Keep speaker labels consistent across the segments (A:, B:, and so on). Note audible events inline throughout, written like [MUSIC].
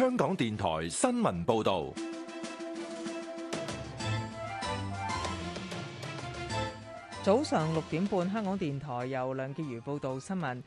A: 香港電台新聞報道，
B: 早上六點半，香港電台由梁潔如報道新聞。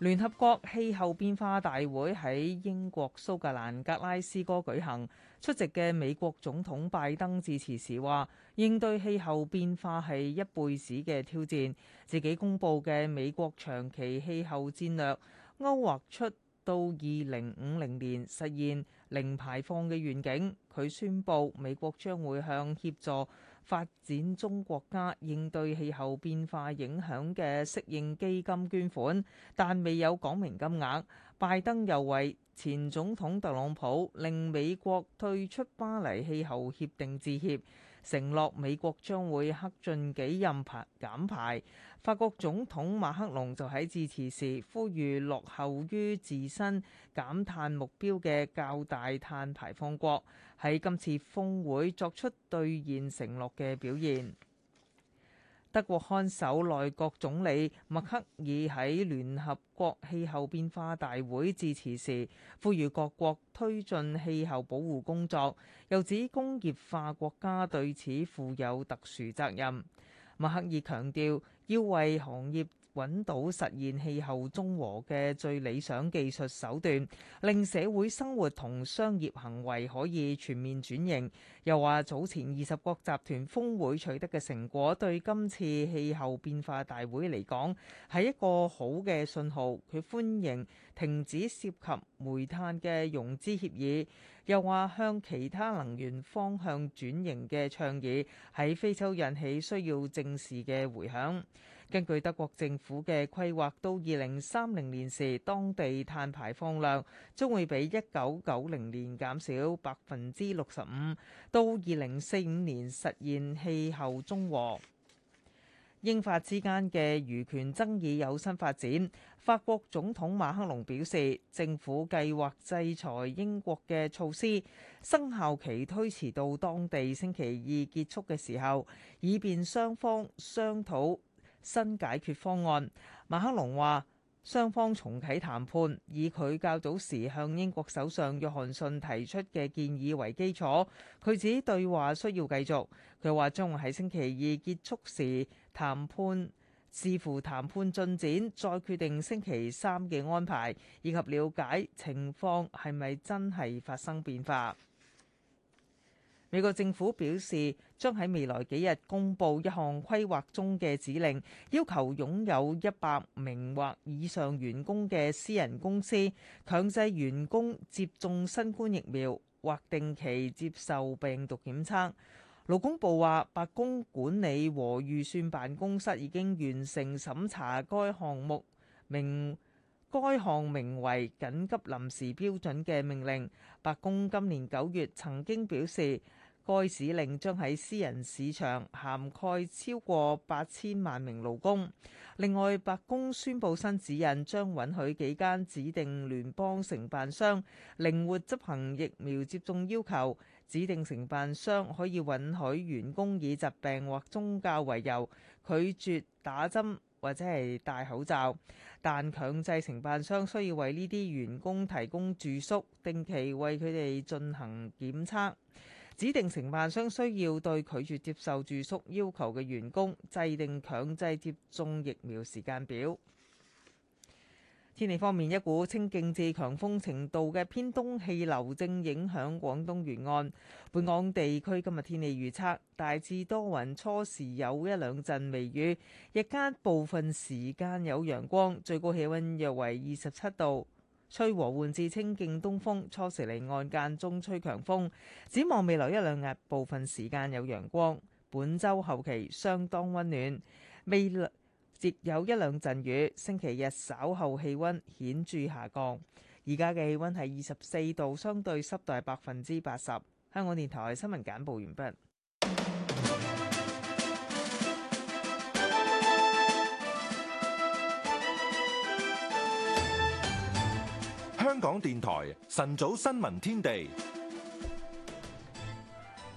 B: 聯合國氣候變化大會喺英國蘇格蘭格拉斯哥舉行，出席嘅美國總統拜登致辭時話：應對氣候變化係一輩子嘅挑戰。自己公布嘅美國長期氣候戰略勾畫出。到二零五零年實現零排放嘅願景，佢宣布美國將會向協助發展中國家應對氣候變化影響嘅適應基金捐款，但未有講明金額。拜登又為前總統特朗普令美國退出巴黎氣候協定致歉，承諾美國將會克盡己任排減排。法國總統馬克龍就喺致辭時呼籲落後於自身減碳目標嘅較大碳排放國喺今次峰會作出兌現承諾嘅表現。德國看守內閣總理默克爾喺聯合國氣候變化大會致辭時，呼籲各國推進氣候保護工作，又指工業化國家對此負有特殊責任。默克爾強調，要為行業揾到實現氣候中和嘅最理想技術手段，令社會生活同商業行為可以全面轉型。又話早前二十國集團峰會取得嘅成果，對今次氣候變化大會嚟講係一個好嘅信號。佢歡迎停止涉及煤炭嘅融資協議。又話向其他能源方向轉型嘅倡議喺非洲引起需要正視嘅回響。根據德國政府嘅規劃，到二零三零年時，當地碳排放量將會比一九九零年減少百分之六十五，到二零四五年實現氣候中和。英法之間嘅漁權爭議有新發展。法國總統馬克龍表示，政府計劃制裁英國嘅措施生效期推遲到當地星期二結束嘅時候，以便雙方商討新解決方案。馬克龍話：雙方重啟談判，以佢較早時向英國首相約翰遜提出嘅建議為基礎。佢指對話需要繼續。佢話將會喺星期二結束時談判，視乎談判進展，再決定星期三嘅安排，以及了解情況係咪真係發生變化。美國政府表示，將喺未來幾日公布一項規劃中嘅指令，要求擁有一百名或以上員工嘅私人公司強制員工接種新冠疫苗或定期接受病毒檢測。勞工部話，白宮管理和預算辦公室已經完成審查該項目，名，該項名為緊急臨時標準嘅命令。白宮今年九月曾經表示。該指令將喺私人市場涵蓋超過八千萬名勞工。另外，白宮宣布新指引將允許幾間指定聯邦承辦商靈活執行疫苗接種要求。指定承辦商可以允許員工以疾病或宗教為由拒絕打針或者係戴口罩，但強制承辦商需要為呢啲員工提供住宿，定期為佢哋進行檢測。指定承辦商需要對拒絕接受住宿要求嘅員工制定強制接種疫苗時間表。天氣方面，一股清勁至強風程度嘅偏東氣流正影響廣東沿岸。本港地區今日天氣預測大致多雲，初時有一兩陣微雨，日間部分時間有陽光，最高氣溫約為二十七度。吹和緩至清勁東風，初時離岸間中吹強風。展望未來一兩日部分時間有陽光，本週後期相當溫暖。未來接有一兩陣雨，星期日稍後氣温顯著下降。而家嘅氣温係二十四度，相對濕度係百分之八十。香港電台新聞簡報完畢。
A: 香港電台晨早新聞天地，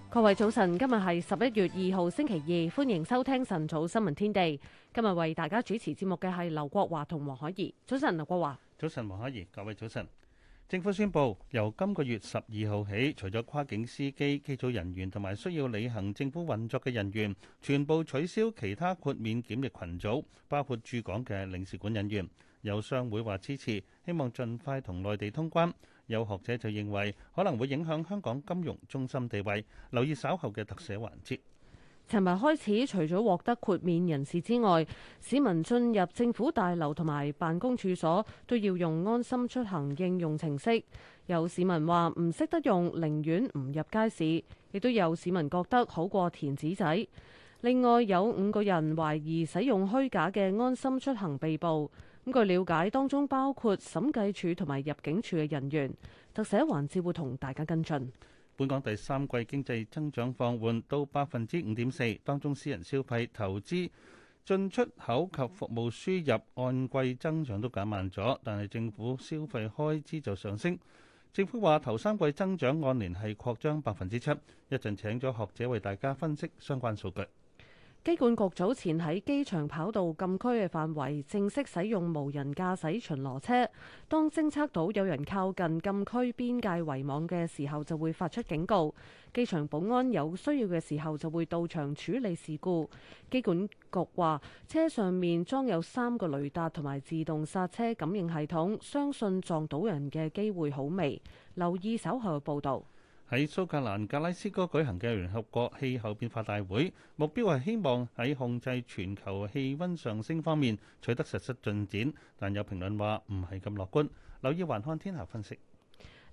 C: 各位早晨，今日係十一月二號星期二，歡迎收聽晨早新聞天地。今日為大家主持節目嘅係劉國華同黃海怡。早晨，劉國華。
D: 早晨，黃海怡，各位早晨。政府宣布，由今個月十二號起，除咗跨境司機、機組人員同埋需要履行政府運作嘅人員，全部取消其他豁免檢疫群組，包括駐港嘅領事館人員。有商會話支持，希望盡快同內地通關。有學者就認為可能會影
C: 響香港金融中心地位。
D: 留意稍後嘅特寫環節。
C: 尋日開始，除咗獲得豁免人士之外，市民進入政府大樓同埋辦公處所都要用安心出行應用程式。有市民話唔識得用，寧願唔入街市。亦都有市民覺得好過填紙仔。另外有五個人懷疑使用虛假嘅安心出行被捕。據了解，當中包括審計署同埋入境處嘅人員，特寫環節會同大家跟進。
D: 本港第三季經濟增長放緩到百分之五點四，當中私人消費、投資、進出口及服務輸入按季增長都減慢咗，但係政府消費開支就上升。政府話頭三季增長按年係擴張百分之七，一陣請咗學者為大家分析相關數據。
C: 機管局早前喺機場跑道禁區嘅範圍正式使用無人駕駛巡邏車，當偵測到有人靠近禁區邊界圍網嘅時候，就會發出警告。機場保安有需要嘅時候就會到場處理事故。機管局話，車上面裝有三個雷達同埋自動剎車感應系統，相信撞到人嘅機會好微。留意稍後嘅報道。
D: 喺蘇格蘭格拉斯哥舉行嘅聯合國氣候變化大會，目標係希望喺控制全球氣温上升方面取得實質進展，但有評論話唔係咁樂觀。留意環看天下分析，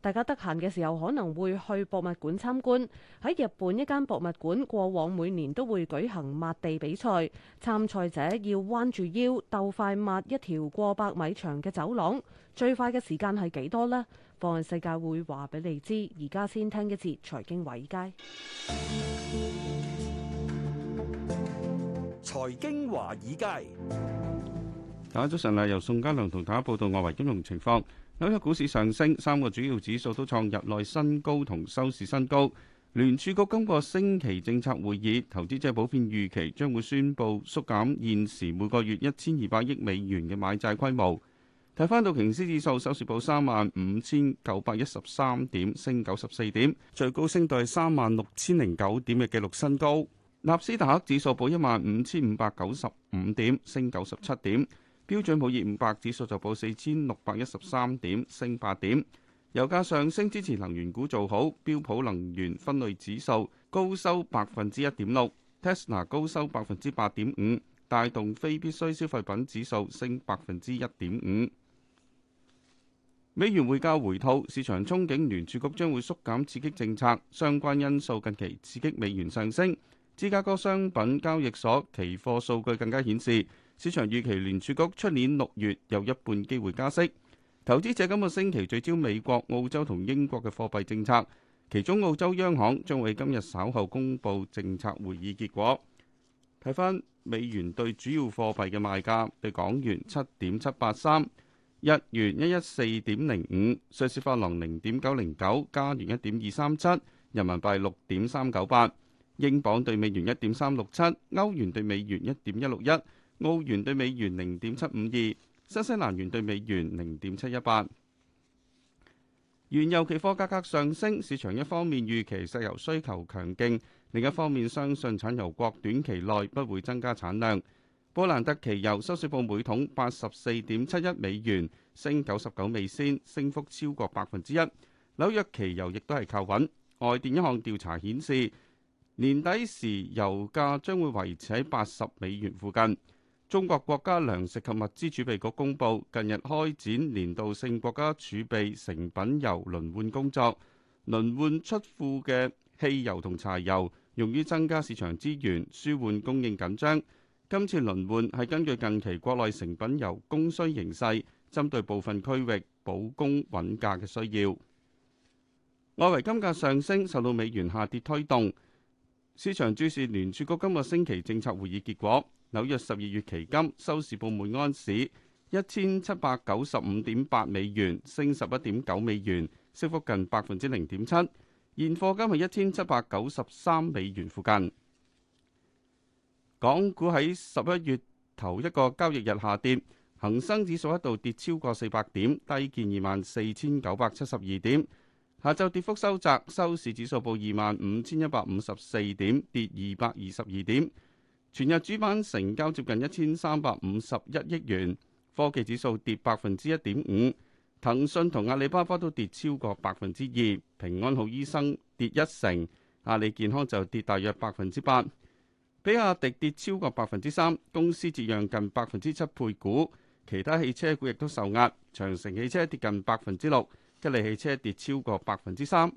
C: 大家得閒嘅時候可能會去博物館參觀。喺日本一間博物館，過往每年都會舉行抹地比賽，參賽者要彎住腰鬥快抹一條過百米長嘅走廊，最快嘅時間係幾多呢？放眼世界，會話俾你知。而家先聽一次財經華爾街。
E: 財經華爾街，
F: 大家早晨啊！由宋家良同大家報道外圍金融情況。紐約股市上升，三個主要指數都創日內新高同收市新高。聯儲局今個星期政策會議，投資者普遍預期將會宣布縮減現時每個月一千二百億美元嘅買債規模。睇翻道瓊斯指數收市報三萬五千九百一十三點，升九十四點，最高升到係三萬六千零九點嘅記錄新高。納斯達克指數報一萬五千五百九十五點，升九十七點。標準普爾五百指數就報四千六百一十三點，升八點。油價上升支持能源股做好，標普能源分類指數高收百分之一點六，Tesla 高收百分之八點五，帶動非必需消費品指數升百分之一點五。美元匯價回吐，市場憧憬聯儲局將會縮減刺激政策相關因素，近期刺激美元上升。芝加哥商品交易所期貨數據更加顯示，市場預期聯儲局出年六月有一半機會加息。投資者今個星期聚焦美國、澳洲同英國嘅貨幣政策，其中澳洲央行將會今日稍後公布政策會議結果。睇翻美元對主要貨幣嘅賣價，對港元七點七八三。日元一一四點零五，瑞士法郎零點九零九，加元一點二三七，人民幣六點三九八，英鎊兌美元一點三六七，歐元兌美元一點一六一，澳元兌美元零點七五二，新西蘭元兌美元零點七一八。原油期貨價格上升，市場一方面預期石油需求強勁，另一方面相信產油國短期內不會增加產量。波蘭特期油收市報每桶八十四點七一美元，升九十九美仙，升幅超過百分之一。紐約期油亦都係靠穩。外電一項調查顯示，年底時油價將會維持喺八十美元附近。中國國家糧食及物資儲備局公佈，近日開展年度性國家儲備成品油輪換工作，輪換出庫嘅汽油同柴油，用於增加市場資源，舒緩供應緊張。今次輪換係根據近期國內成品油供需形勢，針對部分區域保供穩價嘅需要。外圍金價上升受到美元下跌推動。市場注視聯儲局今個星期政策會議結果。紐約十二月期金收市報每安士一千七百九十五點八美元，升十一點九美元，升幅近百分之零點七。現貨金係一千七百九十三美元附近。港股喺十一月頭一個交易日下跌，恒生指數一度跌超過四百點，低見二萬四千九百七十二點。下晝跌幅收窄，收市指數報二萬五千一百五十四點，跌二百二十二點。全日主板成交接近一千三百五十一億元，科技指數跌百分之一點五，騰訊同阿里巴巴都跌超過百分之二，平安好醫生跌一成，阿里健康就跌大約百分之八。比亞迪跌，跌超過百分之三，公司折讓近百分之七配股。其他汽車股亦都受壓，長城汽車跌近百分之六，吉利汽車跌超過百分之三。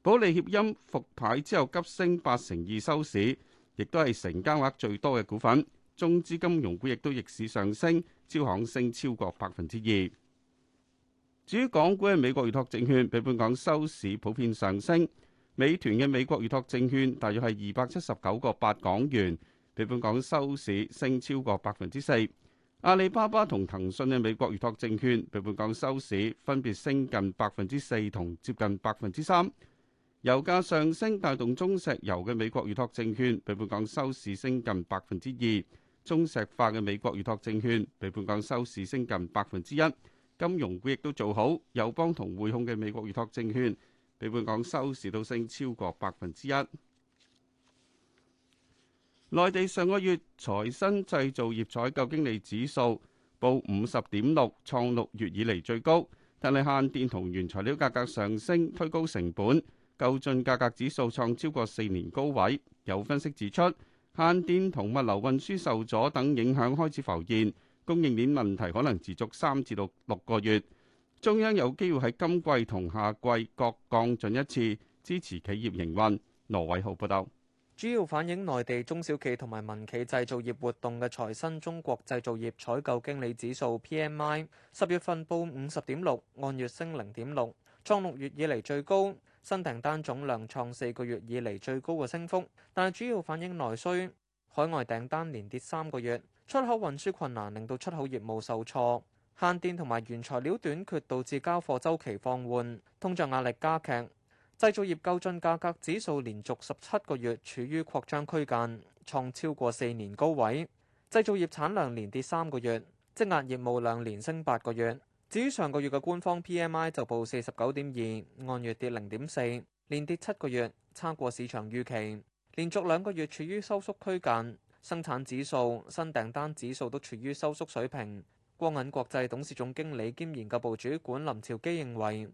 F: 保利協鑫復牌之後急升八成二收市，亦都係成交額最多嘅股份。中資金融股亦都逆市上升，招行升超過百分之二。至於港股嘅美國預託證券，比本港收市普遍上升。美團嘅美國預託證券大約係二百七十九個八港元，比本港收市升超過百分之四。阿里巴巴同騰訊嘅美國預託證券，比本港收市分別升近百分之四同接近百分之三。油價上升帶動中石油嘅美國預託證券，比本港收市升近百分之二，中石化嘅美國預託證券，比本港收市升近百分之一。金融股亦都做好，友邦同匯控嘅美國預託證券。比本港收市都升超過百分之一。內地上個月財新製造業採購經理指數報五十點六，創六月以嚟最高。但係限電同原材料價格上升推高成本，購進價格指數創超過四年高位。有分析指出，限電同物流運輸受阻等影響開始浮現，供應鏈問題可能持續三至到六個月。中央有機會喺今季同下季各降準一次，支持企業營運。羅偉浩報道。主要反映內地中小
G: 企同埋民企製造業活動嘅財新中國製造業採購經理指數 PMI 十月份報五十點六，按月升零點六，創六月以嚟最高。新訂單總量創四個月以嚟最高嘅升幅，但係主要反映內需，海外訂單連跌三個月，出口運輸困難令到出口業務受挫。限電同埋原材料短缺導致交貨週期放緩，通脹壓力加劇。製造業購進價格指數連續十七個月處於擴張區間，創超過四年高位。製造業產量連跌三個月，積壓業務量連升八個月。至於上個月嘅官方 PMI 就報四十九點二，按月跌零點四，連跌七個月，差過市場預期，連續兩個月處於收縮區間，生產指數、新訂單指數都處於收縮水平。光銀國際董事總經理兼研究部主管林朝基認為，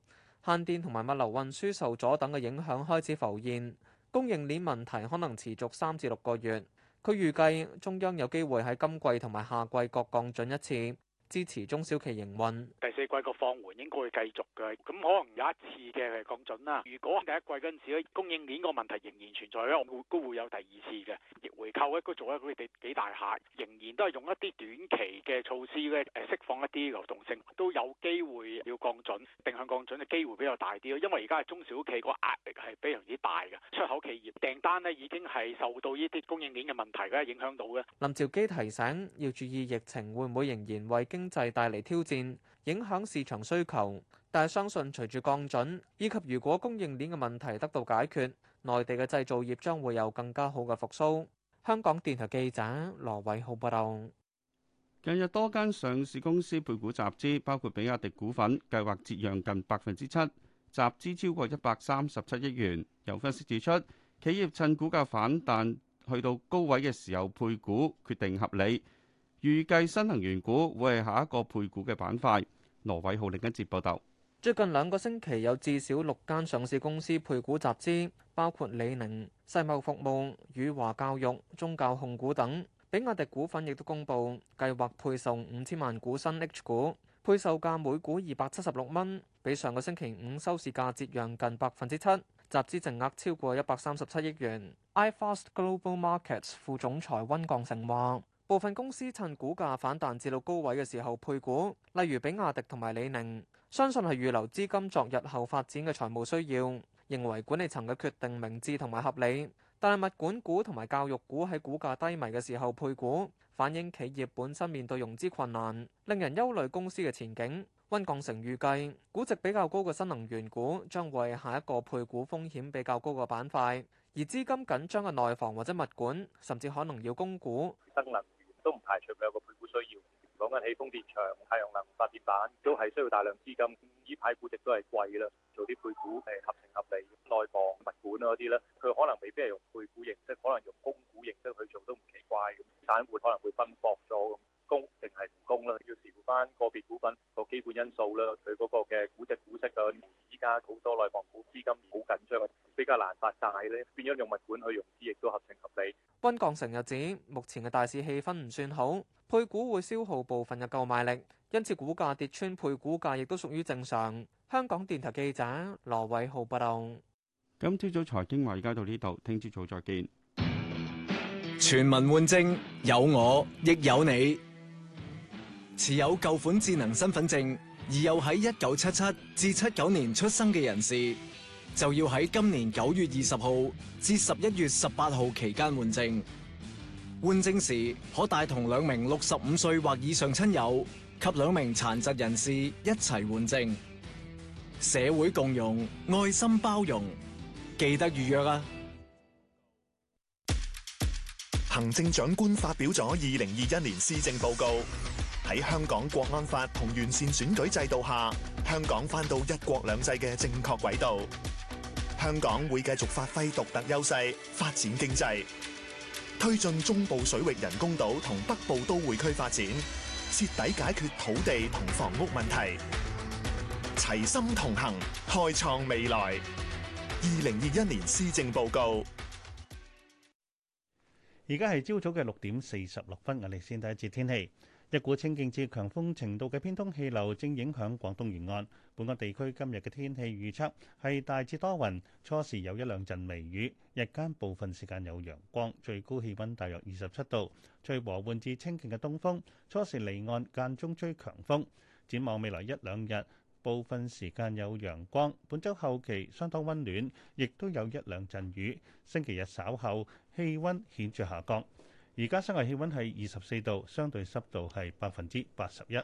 G: 限電同埋物流運輸受阻等嘅影響開始浮現，供應鏈問題可能持續三至六個月。佢預計中央有機會喺今季同埋下季各降準一次。支持中小企營運，
E: 第四季個放緩應該會繼續嘅，咁可能有一次嘅降準啦。如果第一季嗰陣時咧供應鏈個問題仍然存在咧，我會都會有第二次嘅逆回購咧，都做一啲幾大下，仍然都係用一啲短期嘅措施咧，誒釋放一啲流動性，都有機會要降準，定向降準嘅機會比較大啲咯，因為而家係中小企個壓力係非常之大嘅，出口企業訂單呢已經係受到呢啲供應鏈嘅問題咧影響到嘅。
G: 林兆基提醒要注意疫情會唔會仍然為經經濟帶嚟挑戰，影響市場需求，但係相信隨住降準，以及如果供應鏈嘅問題得到解決，內地嘅製造業將會有更加好嘅復甦。香港
F: 電台記者羅偉浩報道。近日多間上市公司配股集資，包括比亞迪股份計劃折讓近百分之七，集資超過一百三十七億元。有分析指出，企業趁股價反彈去到高位嘅時候配股，決定合理。預計新能源股會係下一個配股嘅板塊。羅偉浩另一節報道，
G: 最近兩個星期有至少六間上市公司配股集資，包括李寧、世茂服務、宇華教育、中教控股等。比亞迪股份亦都公布計劃配售五千萬股新 H 股，配售價每股二百七十六蚊，比上個星期五收市價折讓近百分之七，集資淨額超過一百三十七億元。iFAST Global Markets 副總裁温鋼成話。部分公司趁股價反彈至到高位嘅時候配股，例如比亞迪同埋李寧，相信係預留資金作日後發展嘅財務需要，認為管理層嘅決定明智同埋合理。但係物管股同埋教育股喺股價低迷嘅時候配股，反映企業本身面對融資困難，令人憂慮公司嘅前景。溫鋼城預計，估值比較高嘅新能源股將會下一個配股風險比較高嘅板塊。而資金緊張嘅內房或者物管，甚至可能要供股。
E: 新能源都唔排除佢有個配股需要。講緊起風電場、太陽能發電板都係需要大量資金。呢排股值都係貴啦，做啲配股係合情合理。內房、物管嗰啲咧，佢可能未必係用配股形式，可能用供股形式去做都唔奇怪。咁，散戶可能會分薄咗咁。攻定係唔攻啦，要視乎翻個別股份個基本因素啦，佢嗰個嘅估值股息啊，依家好多內房股資金好緊張、啊，比較難發債咧，變咗用物管去融資亦都合情合理。
G: 溫鋼城又指，目前嘅大市氣氛唔算好，配股會消耗部分嘅購買力，因此股價跌穿配股價亦都屬於正常。香港電台記者羅偉浩報道。
F: 今朝早財經話而家到呢度，聽朝早再見。全民換證，有我亦有你。持有舊款智
A: 能身份證而又喺一九七七至七九年出生嘅人士，就要喺今年九月二十號至十一月十八號期間換證。換證時可帶同兩名六十五歲或以上親友及兩名殘疾人士一齊換證。社會共融，愛心包
H: 容，記得預約啊！行政長官發表咗二零二一年施政報告。喺香港國安法同完善選舉制度下，香港返到一國兩制嘅正確軌道。香港會繼續發揮獨特優勢，發展經濟，推進中部水域人工島同北部都會區發展，徹底解決土地同房屋問題。齊心同行，開創未來。二零二一年施政報告。
D: 而家係朝早嘅六點四十六分，我哋先睇一節天氣。一股清勁至強風程度嘅偏東氣流正影響廣東沿岸，本港地區今日嘅天氣預測係大致多雲，初時有一兩陣微雨，日間部分時間有陽光，最高氣温大約二十七度，隨和緩至清勁嘅東風，初時離岸間中吹強風。展望未來一兩日，部分時間有陽光，本週後期相當温暖，亦都有一兩陣雨，星期日稍後氣温顯著下降。而家室外氣溫係二十四度，相對濕度係百分之八十一。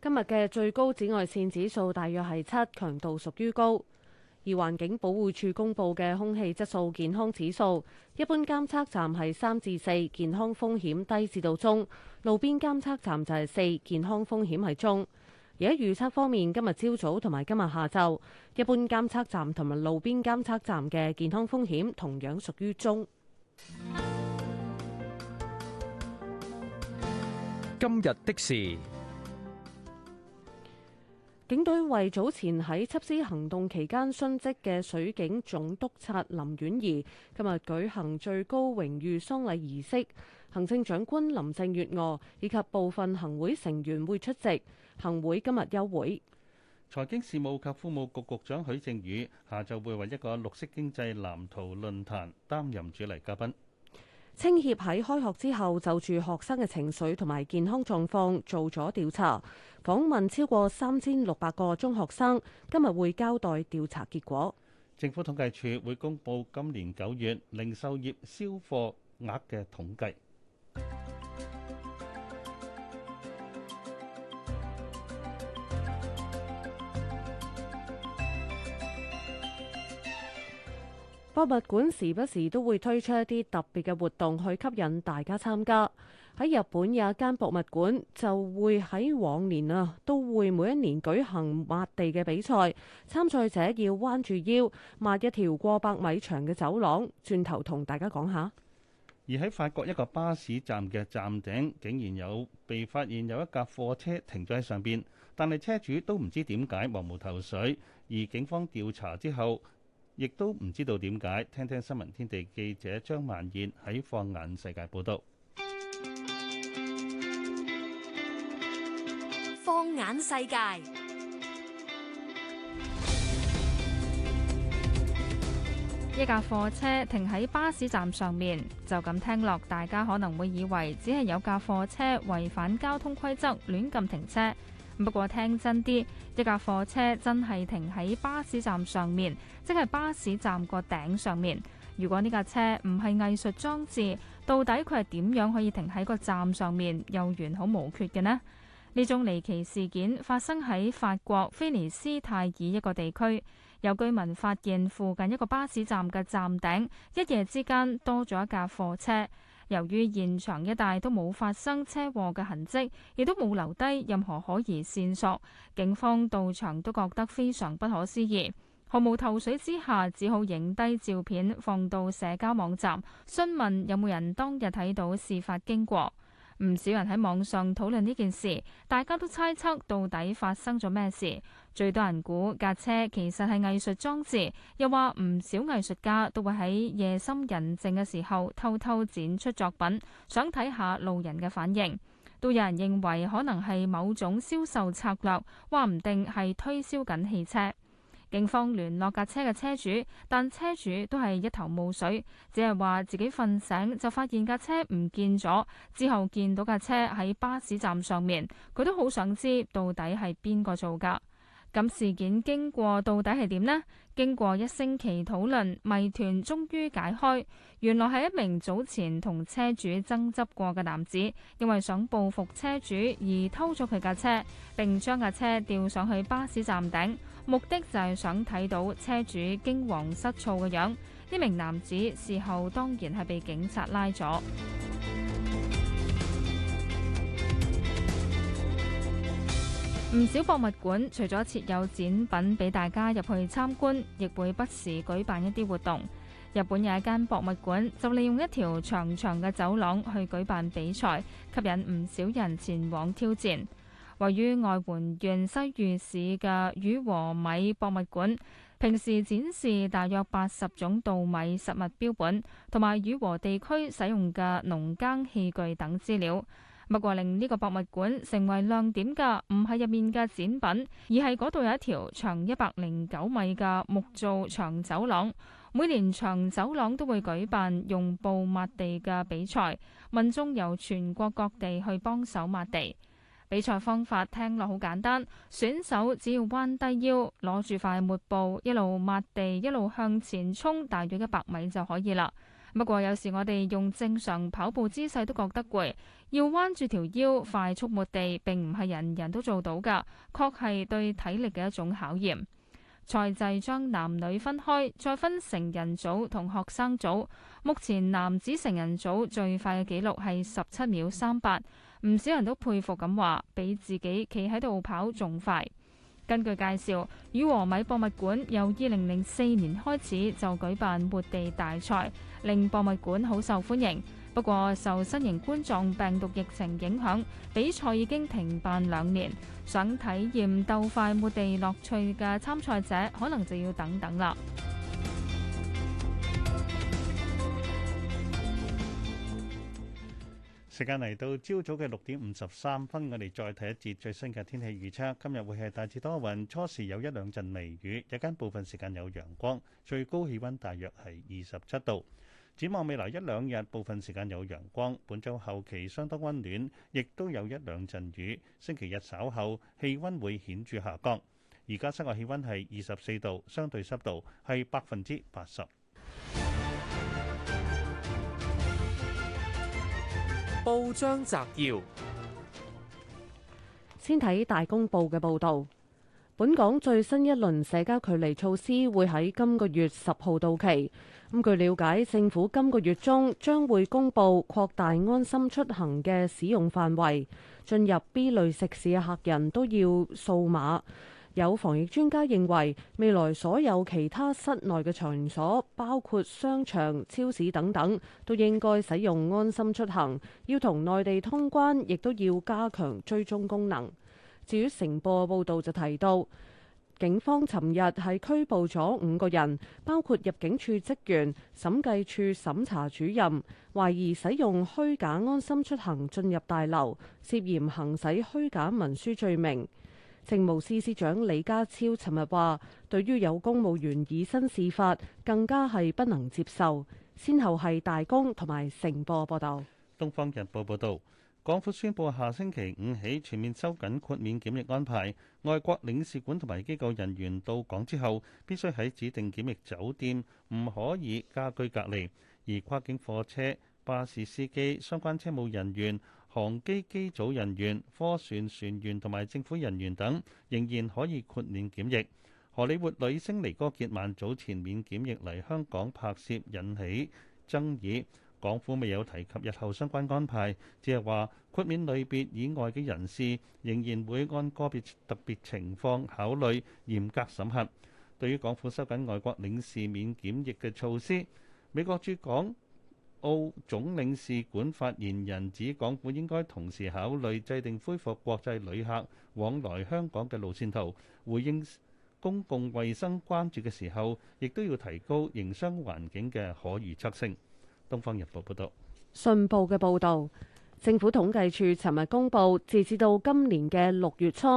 C: 今日嘅最高紫外線指數大約係七，強度屬於高。而環境保護署公布嘅空氣質素健康指數，一般監測站係三至四，健康風險低至到中；路邊監測站就係四，健康風險係中。而喺預測方面，今日朝早同埋今日下晝，一般監測站同埋路邊監測站嘅健康風險同樣屬於中。 [MUSIC]
B: 今日的事，
C: 警隊為早前喺緝私行動期間殉職嘅水警總督察林婉儀今日舉行最高榮譽喪禮儀式，行政長官林鄭月娥以及部分行會成員會出席，行會今日休會。
D: 財經事務及庫務局局長許正宇下晝會為一個綠色經濟藍圖論壇擔任主禮嘉賓。
C: 青協喺開學之後就住學生嘅情緒同埋健康狀況做咗調查，訪問超過三千六百個中學生，今日會交代調查結果。政府
D: 統計處會公布今年九月零售業銷貨額嘅統計。
C: 博物館時不時都會推出一啲特別嘅活動去吸引大家參加。喺日本有一間博物館就會喺往年啊，都會每一年舉行抹地嘅比賽，參賽者要彎住腰抹一條過百米長嘅走廊。轉頭同大家講下，
D: 而喺法國一個巴士站嘅站頂竟然有被發現有一架貨車停咗喺上邊，但係車主都唔知點解毫無頭緒。而警方調查之後。亦都唔知道點解，聽聽新聞天地記者張萬燕喺《放眼世界》報道，
G: 《放眼
I: 世界》。一架貨車停喺巴士站上面，就咁聽落，大家可能會以為只係有架貨車違反交通規則亂咁停車，不過聽真啲，一架貨車真係停喺巴士站上面，即係巴士站個頂上面。如果呢架車唔係藝術裝置，到底佢係點樣可以停喺個站上面又完好無缺嘅呢？呢種離奇事件發生喺法國菲尼斯泰爾一個地區，有居民發現附近一個巴士站嘅站頂一夜之間多咗一架貨車。由於現場一帶都冇發生車禍嘅痕跡，亦都冇留低任何可疑線索，警方到場都覺得非常不可思議，毫無頭緒之下，只好影低照片放到社交網站，詢問有冇人當日睇到事發經過。唔少人喺網上討論呢件事，大家都猜測到底發生咗咩事。最多人估架車其實係藝術裝置，又話唔少藝術家都會喺夜深人靜嘅時候偷偷展出作品，想睇下路人嘅反應。都有人認為可能係某種銷售策略，話唔定係推銷緊汽車。警方聯絡架車嘅車主，但車主都係一頭霧水，只係話自己瞓醒就發現架車唔見咗，之後見到架車喺巴士站上面，佢都好想知到底係邊個做㗎。咁事件經過到底係點呢？經過一星期討論，謎團終於解開，原來係一名早前同車主爭執過嘅男子，因為想報復車主而偷咗佢架車，並將架車吊上去巴士站頂，目的就係想睇到車主驚惶失措嘅樣。呢名男子事後當然係被警察拉咗。唔少博物館除咗設有展品俾大家入去參觀，亦會不時舉辦一啲活動。日本有一間博物館就利用一條長長嘅走廊去舉辦比賽，吸引唔少人前往挑戰。位於愛媛縣西予市嘅宇和米博物館，平時展示大約八十種稻米實物標本，同埋宇和地區使用嘅農耕器具等資料。不過，令呢個博物館成為亮點嘅，唔係入面嘅展品，而係嗰度有一條長一百零九米嘅木造長走廊。每年長走廊都會舉辦用布抹地嘅比賽，民眾由全國各地去幫手抹地。比賽方法聽落好簡單，選手只要彎低腰，攞住塊抹布，一路抹地，一路向前衝，大約一百米就可以啦。不過有時我哋用正常跑步姿勢，都覺得攰，要彎住條腰快速抹地，並唔係人人都做到噶，確係對體力嘅一種考驗。賽制將男女分開，再分成人組同學生組。目前男子成人組最快嘅紀錄係十七秒三八，唔少人都佩服咁話，比自己企喺度跑仲快。根據介紹，雨和米博物館由二零零四年開始就舉辦抹地大賽，令博物館好受歡迎。不過，受新型冠狀病毒疫情影響，比賽已經停辦兩年，想體驗鬥快抹地樂趣嘅參賽者可能就要等等啦。
D: 時間嚟到朝早嘅六點五十三分，我哋再睇一節最新嘅天氣預測。今日會係大致多雲，初時有一兩陣微雨，日間部分時間有陽光，最高氣温大約係二十七度。展望未來一兩日，部分時間有陽光，本週後期相當温暖，亦都有一兩陣雨。星期日稍後氣温會顯著下降。而家室外氣温係二十四度，相對濕度係百分之八十。
H: 報章摘要，
C: 先睇大公報嘅報道。本港最新一輪社交距離措施會喺今個月十號到期。咁據了解，政府今個月中將會公布擴大安心出行嘅使用範圍，進入 B 類食肆嘅客人都要掃碼。有防疫專家認為，未來所有其他室內嘅場所，包括商場、超市等等，都應該使用安心出行。要同內地通關，亦都要加強追蹤功能。至於成報嘅報導就提到，警方尋日係拘捕咗五個人，包括入境處職員、審計處審查主任，懷疑使用虛假安心出行進入大樓，涉嫌行使虛假文書罪名。政務司司長李家超尋日話，對於有公務員以身試法，更加係不能接受。先後係大公同埋成報報道，《東
D: 方日報》報道，港府宣布下星期五起全面收緊豁免檢疫安排，外國領事館同埋機構人員到港之後，必須喺指定檢疫酒店，唔可以家居隔離。而跨境貨車、巴士司機、相關車務人員、航機機組人員、科船船員同埋政府人員等仍然可以豁免檢疫。荷里活女星尼哥傑曼早前免檢疫嚟香港拍攝，引起爭議。港府未有提及日後相關安排，只係話豁免類別以外嘅人士，仍然會按個別特別情況考慮嚴格審核。對於港府收緊外國領事免檢疫嘅措施，美國駐港澳總領事館發言人指，港府應該同時考慮制定恢復國際旅客往來香港嘅路線圖，回應公共衞生關注嘅時候，亦都要提高營商環境嘅可預測性。《東方日報》報道，
C: 信報嘅報導，政府統計處尋日公佈，截至到今年嘅六月初，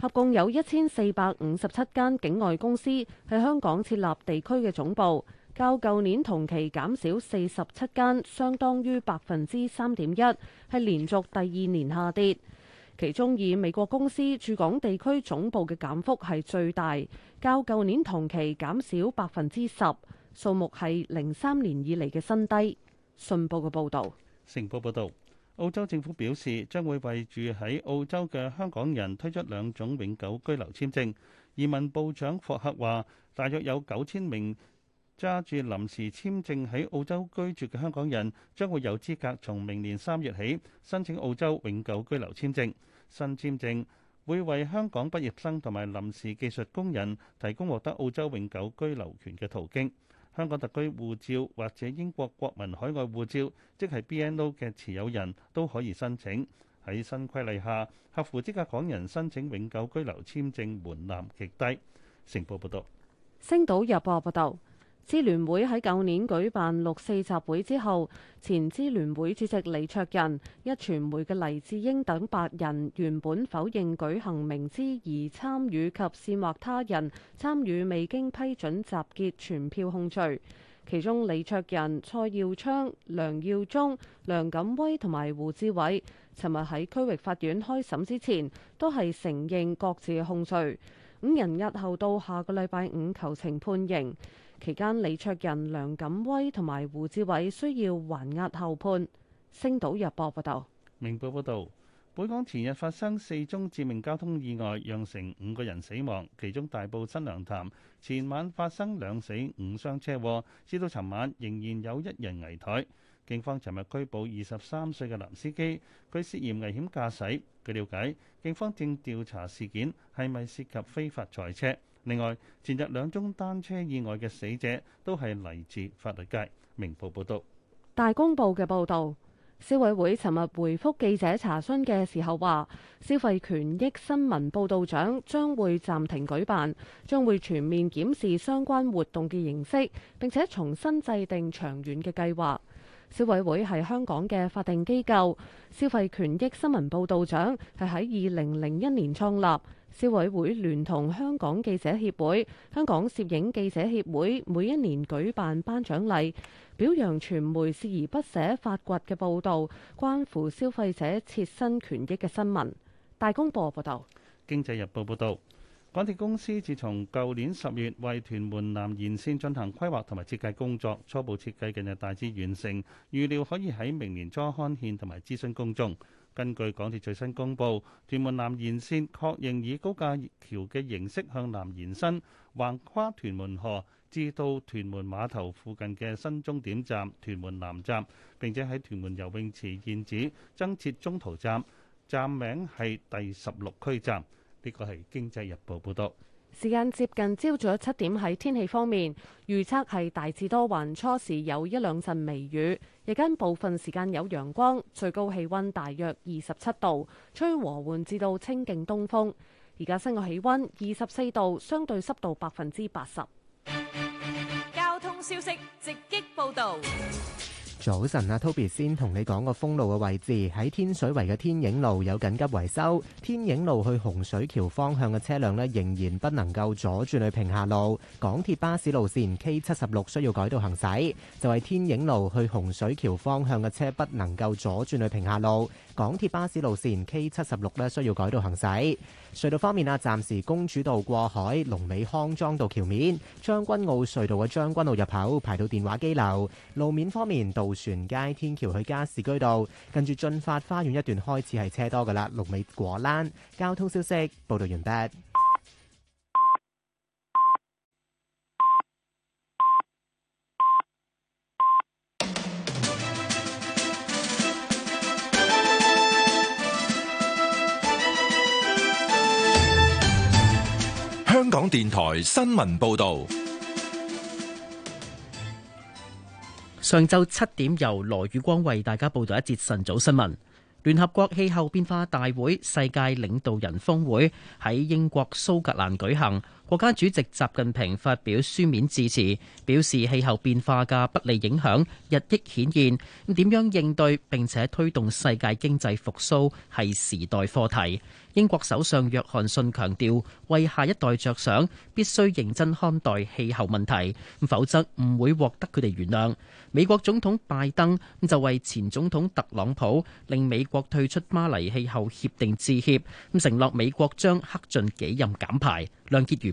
C: 合共有一千四百五十七間境外公司喺香港設立地區嘅總部。較舊年同期減少四十七間，相當於百分之三點一，係連續第二年下跌。其中以美國公司駐港地區總部嘅減幅係最大，較舊年同期減少百分之十，數目係零三年以嚟嘅新低。信報嘅報道，
D: 成報報道，澳洲政府表示將會為住喺澳洲嘅香港人推出兩種永久居留簽證。移民部長霍克話，大約有九千名。揸住臨時簽證喺澳洲居住嘅香港人，將會有資格從明年三月起申請澳洲永久居留簽證。新簽證會為香港畢業生同埋臨時技術工人提供獲得澳洲永久居留權嘅途徑。香港特區護照或者英國國民海外護照，即係 BNO 嘅持有人都可以申請。喺新規例下，合乎資格港人申請永久居留簽證門檻極低。成報報道，
C: 星島日報報道。支聯會喺舊年舉辦六四集會之後，前支聯會主席李卓人、一傳媒嘅黎智英等八人原本否認舉行明知而參與及煽惑他人參與未經批准集結全票控罪。其中，李卓人、蔡耀昌、梁耀忠、梁錦威同埋胡志偉，尋日喺區域法院開審之前都係承認各自控罪。五人押後到下個禮拜五求情判刑。期間，李卓人、梁錦威同埋胡志偉需要還押候判。星島日報報導，
D: 明報報導，本港前日發生四宗致命交通意外，釀成五個人死亡，其中大埔新娘潭前晚發生兩死五傷車禍，至到尋晚仍然有一人危殆。警方尋日拘捕二十三歲嘅男司機，佢涉嫌危險駕駛。據瞭解，警方正調查事件係咪涉及非法賽車。另外，前日兩宗單車意外嘅死者都係嚟自法律界。明報報道。
C: 大公報嘅報導，消委會尋日回覆記者查詢嘅時候話，消費權益新聞報導獎將會暫停舉辦，將會全面檢視相關活動嘅形式，並且重新制定長遠嘅計劃。消委會係香港嘅法定機構，消費權益新聞報導獎係喺二零零一年創立。消委會聯同香港記者協會、香港攝影記者協會每一年舉辦頒獎禮，表揚傳媒鍥而不捨發掘嘅報道，關乎消費者切身權益嘅新聞。大公報報道，
D: 《經濟日報》報道，港鐵公司自從舊年十月為屯門南延綫進行規劃同埋設計工作，初步設計近日大致完成，預料可以喺明年初刊憲同埋諮詢公眾。根據港鐵最新公佈，屯門南延線確認以高架橋嘅形式向南延伸，橫跨屯門河，至到屯門碼頭附近嘅新終點站屯門南站，並且喺屯門游泳池現址增設中途站，站名係第十六區站。呢個係《經濟日報》報導。
C: 時間接近朝早七點，喺天氣方面預測係大致多雲，初時有一兩陣微雨，日間部分時間有陽光，最高氣温大約二十七度，吹和緩至到清勁東風。而家室外氣温二十四度，相對濕度百分之八十。交通消息直擊報道。
J: 早晨啊，Toby 先同你講個封路嘅位置。喺天水圍嘅天影路有緊急維修，天影路去洪水橋方向嘅車輛呢，仍然不能夠左轉去平下路，港鐵巴士路綫 K 七十六需要改道行駛，就係天影路去洪水橋方向嘅車不能夠左轉去平下路。港鐵巴士路線 K 七十六咧，需要改道行駛。隧道方面啊，暫時公主道過海、龍尾康莊道橋面、將軍澳隧道嘅將軍澳入口排到電話機樓。路面方面，渡船街天橋去加士居道，近住駿發花園一段開始係車多噶啦。龍尾果欄。交通消息報道完畢。
K: 香港電台新聞報道：上晝七點，由羅宇光為大家報道一節晨早新聞。聯合國氣候變化大會世界領導人峰會喺英國蘇格蘭舉行。國家主席習近平發表書面致辭，表示氣候變化嘅不利影響日益顯現，咁點樣應對並且推動世界經濟復甦係時代課題。英國首相約翰遜強調，為下一代着想，必須認真看待氣候問題，咁否則唔會獲得佢哋原諒。美國總統拜登咁就為前總統特朗普令美國退出巴黎氣候協定致歉，咁承諾美國將恪盡己
B: 任減排。梁潔如。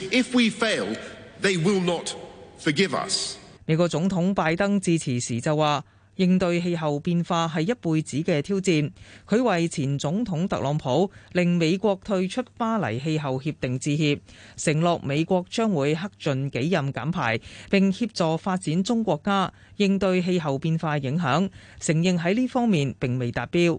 K: If we fail, they will not forgive us.
B: 美國總統拜登致辭時就話：應對氣候變化係一輩子嘅挑戰。佢為前總統特朗普令美國退出巴黎氣候協定致歉，承諾美國將會恪盡己任減排，並協助發展中國家應對氣候變化影響，承認喺呢方面並未達
E: 標。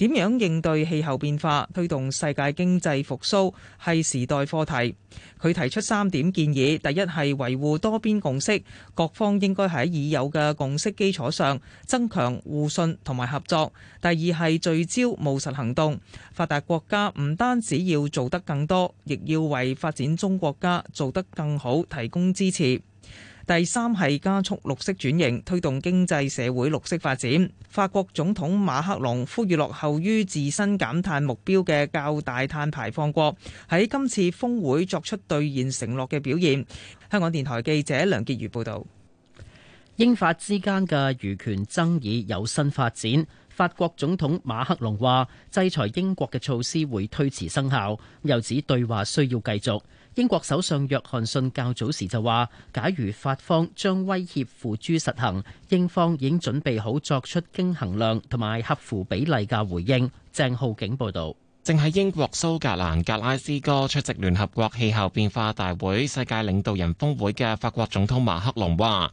B: 點樣應對氣候變化、推動世界經濟復甦係時代課題。佢提出三點建議：第一係維護多邊共識，各方應該喺已有嘅共識基礎上增強互信同埋合作；第二係聚焦務實行動，發達國家唔單止要做得更多，亦要為發展中國家做得更好提供支持。第三係加速綠色轉型，推動經濟社會綠色發展。法國總統馬克龍呼籲落後於自身減碳目標嘅較大碳排放國喺今次峰會作出兌現承諾嘅表現。香港電台記者梁潔如報導。英法之間嘅
K: 魚權爭議有新發展。法國總統馬克龍話：制裁英國嘅措施會推遲生效，又指對話需要繼續。英國首相約翰遜較早時就話，假如法方將威脅付諸實行，英方已經準備好作出經衡量同埋合乎比例嘅回應。鄭浩景報
L: 道。正喺英國蘇格蘭格拉斯哥出席聯合國氣候變化大會世界領導人峰會嘅法國總統馬克龍話。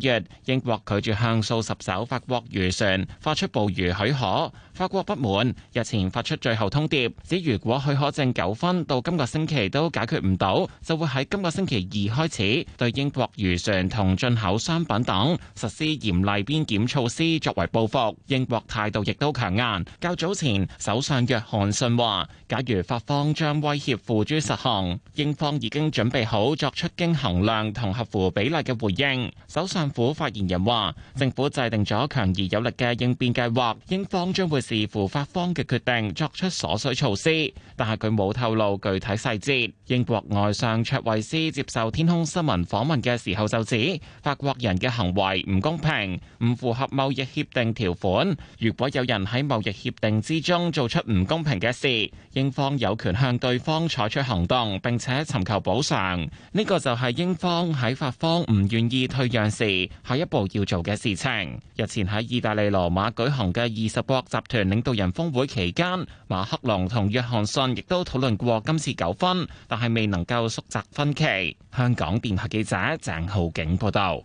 L: 月，英國拒絕向數十艘法國漁船發出捕魚許可，法國不滿，日前發出最後通牒，指如果許可證糾紛到今個星期都解決唔到，就會喺今個星期二開始對英國漁船同進口商品等實施嚴厲邊檢措施作為報復。英國態度亦都強硬，較早前首相約翰遜話，假如法方將威脅付諸實行，英方已經準備好作出經衡量同合乎比例嘅回應。首相。政府發言人話：政府制定咗強而有力嘅應變計劃，英方將會視乎法方嘅決定作出所需措施，但係佢冇透露具體細節。英國外相卓慧思接受天空新聞訪問嘅時候就指，法國人嘅行為唔公平，唔符合貿易協定條款。如果有人喺貿易協定之中做出唔公平嘅事，英方有權向對方採取行動，並且尋求補償。呢個就係英方喺法方唔願意退讓時下一步要做嘅事情。日前喺意大利羅馬舉行嘅二十國集團領導人峰會期間，馬克龍同約翰遜亦都討論過今次糾紛，但係未能夠縮窄分歧。
K: 香港電台記者鄭浩景報道。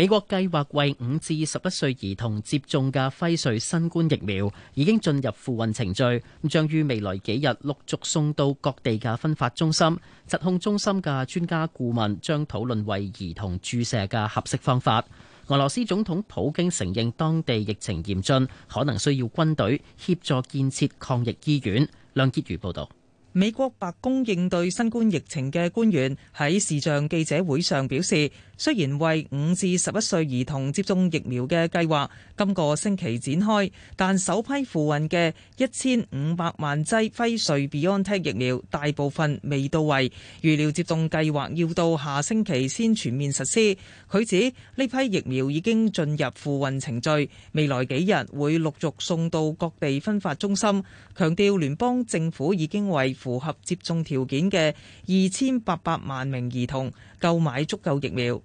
K: 美國計劃為五至十一歲兒童接種嘅輝瑞新冠疫苗已經進入付運程序，將於未來幾日陸續送到各地嘅分發中心。疾控中心嘅專家顧問將討論為兒童注射嘅合適方法。俄羅斯總統普京承認當地疫情嚴峻，可能需要軍隊協助建設抗疫醫院。梁潔如報導。
B: 美國白宮應對新冠疫情嘅官員喺視像記者會上表示，雖然為五至十一歲兒童接種疫苗嘅計劃今個星期展開，但首批附運嘅一千五百萬劑輝瑞 BioNTech 疫苗大部分未到位，預料接種計劃要到下星期先全面實施。佢指呢批疫苗已經進入附運程序，未來幾日會陸續送到各地分發中心，強調聯邦政府已經為符合接種條件嘅二千八百萬名兒童購買足夠疫苗。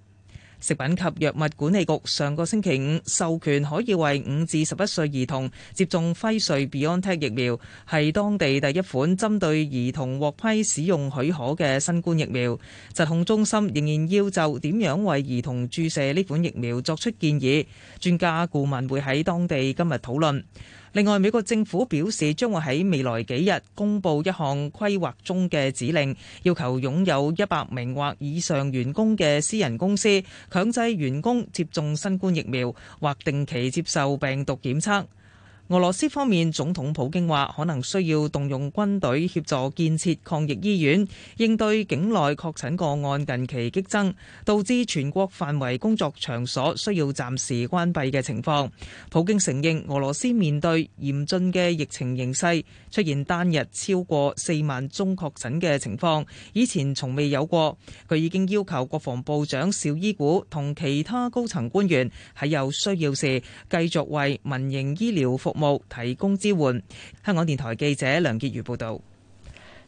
B: 食品及藥物管理局上個星期五授權可以為五至十一歲兒童接種輝瑞 BioNTech 疫苗，係當地第一款針對兒童獲批使用許可嘅新冠疫苗。疾控中心仍然要就點樣為兒童注射呢款疫苗作出建議，專家顧問會喺當地今日討論。另外，美國政府表示將會喺未來幾日公布一項規劃中嘅指令，要求擁有一百名或以上員工嘅私人公司強制員工接種新冠疫苗，或定期接受病毒檢測。俄羅斯方面，總統普京話可能需要動用軍隊協助建設抗疫醫院，應對境內確診個案近期激增，導致全國範圍工作場所需要暫時關閉嘅情況。普京承認俄羅斯面對嚴峻嘅疫情形勢，出現單日超過四萬宗確診嘅情況，以前從未有過。佢已經要求國防部長紹伊古同其他高層官員喺有需要時繼續為民營醫療服務務提供支援。香港電台記者梁潔如報道，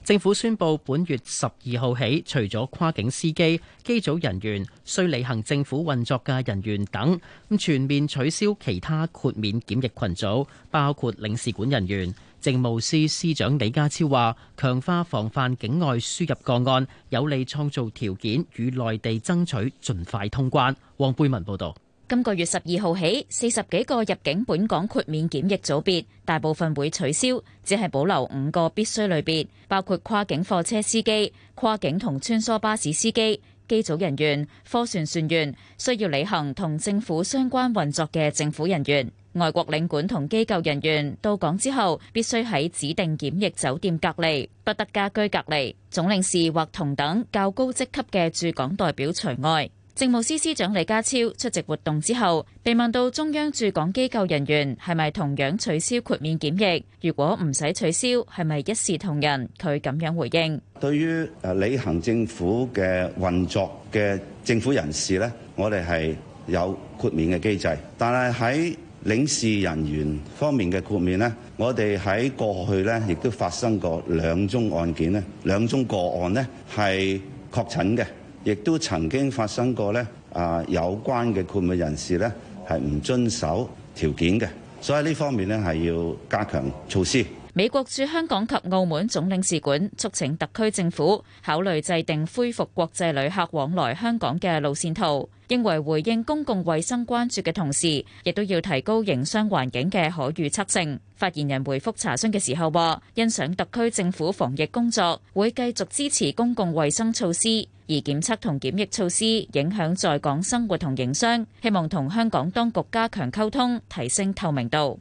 B: 政府宣布本月十二號起，除咗跨境司
K: 機、機組人員、需履行政府運作嘅人員等，咁全面取消其他豁免檢疫群組，包括領事館人員。政務司司長李家超話，強化防範境外輸入個案，有利創造條件與內地爭取儘快通關。黃貝文報道。
M: 今個月十二號起，四十幾個入境本港豁免檢疫組別，大部分會取消，只係保留五個必須類別，包括跨境貨車司機、跨境同穿梭巴士司機、機組人員、貨船船員、需要履行同政府相關運作嘅政府人員、外國領館同機構人員到港之後，必須喺指定檢疫酒店隔離，不得家居隔離。總領事或同等較高職級嘅駐港代表除外。政務司司長李家超出席活動之後，被問到中央駐港機構人員係咪同樣取消豁免檢疫？如果唔使取消，係咪一視同仁？佢咁樣回應：
N: 對於誒，履行政府嘅運作嘅政府人士咧，我哋係有豁免嘅機制，但係喺領事人員方面嘅豁免咧，我哋喺過去咧亦都發生過兩宗案件咧，兩宗個案咧係確診嘅。亦都曾經發生過呢啊、呃，有關嘅顧問人士呢，係唔遵守條件嘅，所以呢方面呢係要加強措施。
M: 美國駐香港及澳門總領事館促請特區政府考慮制定恢復國際旅客往來香港嘅路線圖，認為回應公共衛生關注嘅同時，亦都要提高營商環境嘅可預測性。發言人回覆查詢嘅時候話，欣賞特區政府防疫工作，會繼續支持公共衛生措施，而檢測同檢疫措施影響在港生活同營商，希望同香港當局加強溝通，提升透明度。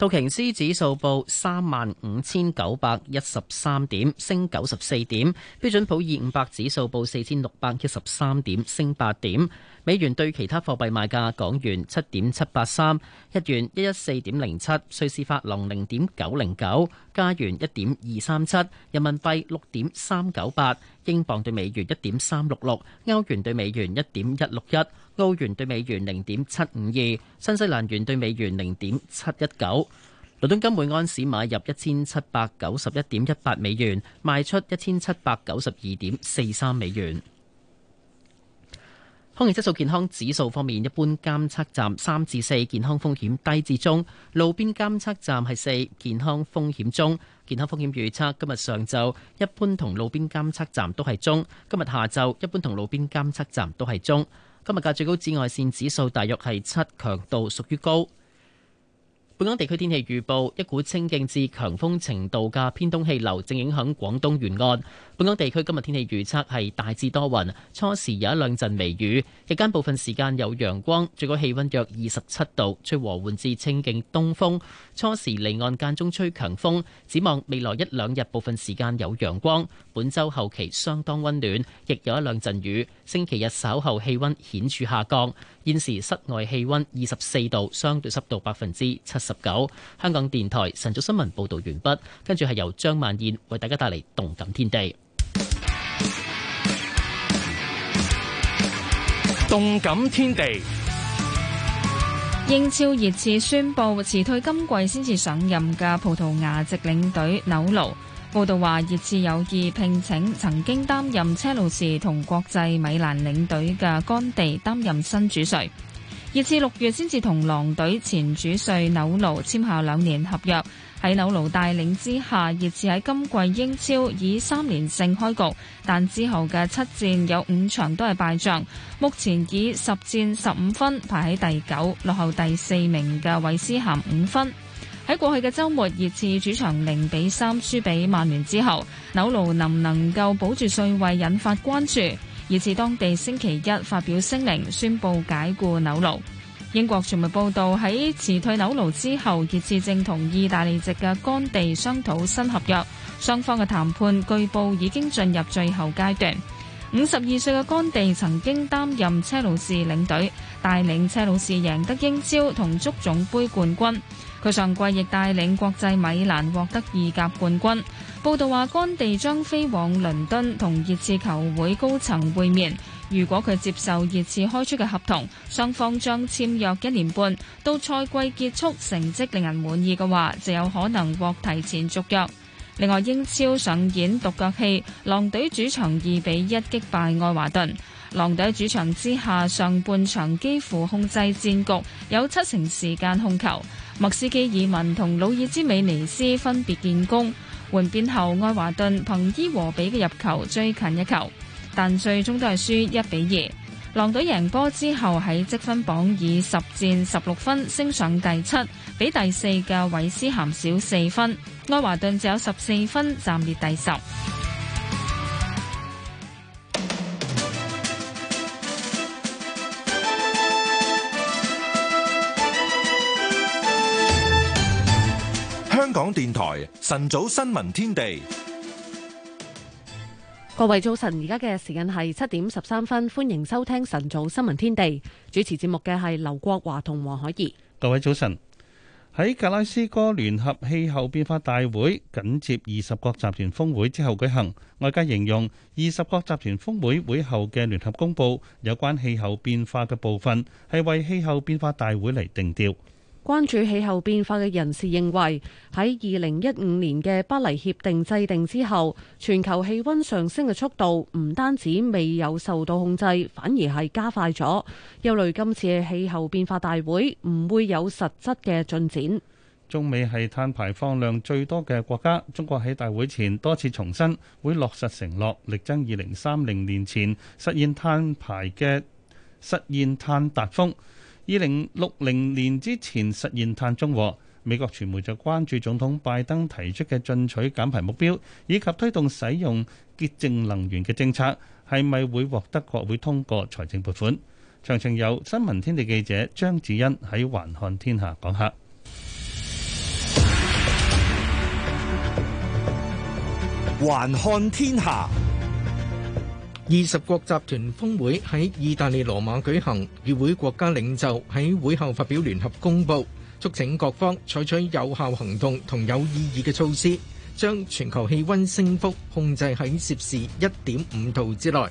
K: 道瓊斯指數報三萬五千九百一十三點，升九十四點；標準普爾五百指數報四千六百一十三點，升八點。美元對其他貨幣賣價：港元七點七八三，日元一一四點零七，瑞士法郎零點九零九，加元一點二三七，人民幣六點三九八，英鎊對美元一點三六六，歐元對美元一點一六一，澳元對美元零點七五二，新西蘭元對美元零點七一九。倫敦金每安士買入一千七百九十一點一八美元，賣出一千七百九十二點四三美元。空氣質素健康指數方面，一般監測站三至四，健康風險低至中；路邊監測站係四，健康風險中。健康風險預測今日上晝一般同路邊監測站都係中，今日下晝一般同路邊監測站都係中。今日嘅最高紫外線指數大約係七，強度屬於高。本港地區天氣預報：一股清勁至強風程度嘅偏東氣流正影響廣東沿岸。本港地區今日天氣預測係大致多雲，初時有一兩陣微雨，日間部分時間有陽光，最高氣溫約二十七度，吹和緩至清勁東風。初時離岸間中吹強風。展望未來一兩日部分時間有陽光，本週後期相當溫暖，亦有一兩陣雨。星期日稍後氣溫顯著下降，現時室外氣溫二十四度，相對濕度百分之七十九。香港電台晨早新聞報道完畢，跟住係由張曼燕為大家帶嚟動感天地。動感天地，
I: 英超熱刺宣布辭退今季先至上任嘅葡萄牙籍領隊紐勞。報道話，熱刺有意聘請曾經擔任車路士同國際米蘭領隊嘅干地擔任新主帥。熱刺六月先至同狼隊前主帥紐盧簽下兩年合約。喺紐盧帶領之下，熱刺喺今季英超以三連勝開局，但之後嘅七戰有五場都係敗仗。目前以十戰十五分排喺第九，落後第四名嘅韋斯咸五分。喺過去嘅週末，熱刺主場零比三輸俾曼聯之後，紐魯能唔能夠保住帥位，引發關注。熱刺當地星期一發表聲明，宣布解雇紐魯。英國傳媒報道喺辭退紐魯之後，熱刺正同意大利籍嘅干地商討新合約，雙方嘅談判據報已經進入最後階段。五十二歲嘅干地曾經擔任車路士領隊，帶領車路士贏得英超同足總杯冠軍。佢上季亦帶領國際米蘭獲得意甲冠軍。報道話，干地將飛往倫敦同熱刺球會高層會面。如果佢接受熱刺開出嘅合同，雙方將簽約一年半。到賽季結束成績令人滿意嘅話，就有可能獲提前續約。另外英超上演獨角戲，狼隊主場二比一擊敗愛華頓。狼隊主場之下，上半場幾乎控制戰局，有七成時間控球。莫斯基爾文同魯爾茲美尼斯分別建功。換邊後，愛華頓憑伊和比嘅入球追近一球，但最終都係輸一比二。狼隊贏波之後喺積分榜以十戰十六分升上第七，比第四嘅韋斯咸少四分。愛華頓只有十四分，暫列第十。
A: 香港電台晨早新聞天地。
C: 各位早晨，而家嘅時間係七點十三分，歡迎收聽晨早新聞天地。主持節目嘅係劉國華同黃海怡。
D: 各位早晨，喺格拉斯哥聯合氣候變化大會緊接二十國集團峰會之後舉行，外界形容二十國集團峰會會後嘅聯合公布有關氣候變化嘅部分，係為氣候變化大會嚟定調。
C: 關注氣候變化嘅人士認為，喺二零一五年嘅巴黎協定制定之後，全球氣温上升嘅速度唔單止未有受到控制，反而係加快咗，憂慮今次嘅氣候變化大會唔會有實質嘅進展。
D: 中美係碳排放量最多嘅國家，中國喺大會前多次重申會落實承諾，力爭二零三零年前實現碳排嘅，實現碳達峰。二零六零年之前實現碳中和，美國傳媒就關注總統拜登提出嘅進取減排目標，以及推動使用潔淨能源嘅政策，係咪會獲得國會通過財政撥款？詳情由新聞天地記者張子欣喺《環看天下》講下，《環看天下》。二十國
A: 集團峰會喺意大利羅馬舉行，與會國家領袖喺會後發表聯合公佈，促請各方採取有效行動同有意義嘅措施，將全球氣溫升幅控制喺攝氏一點五度之內。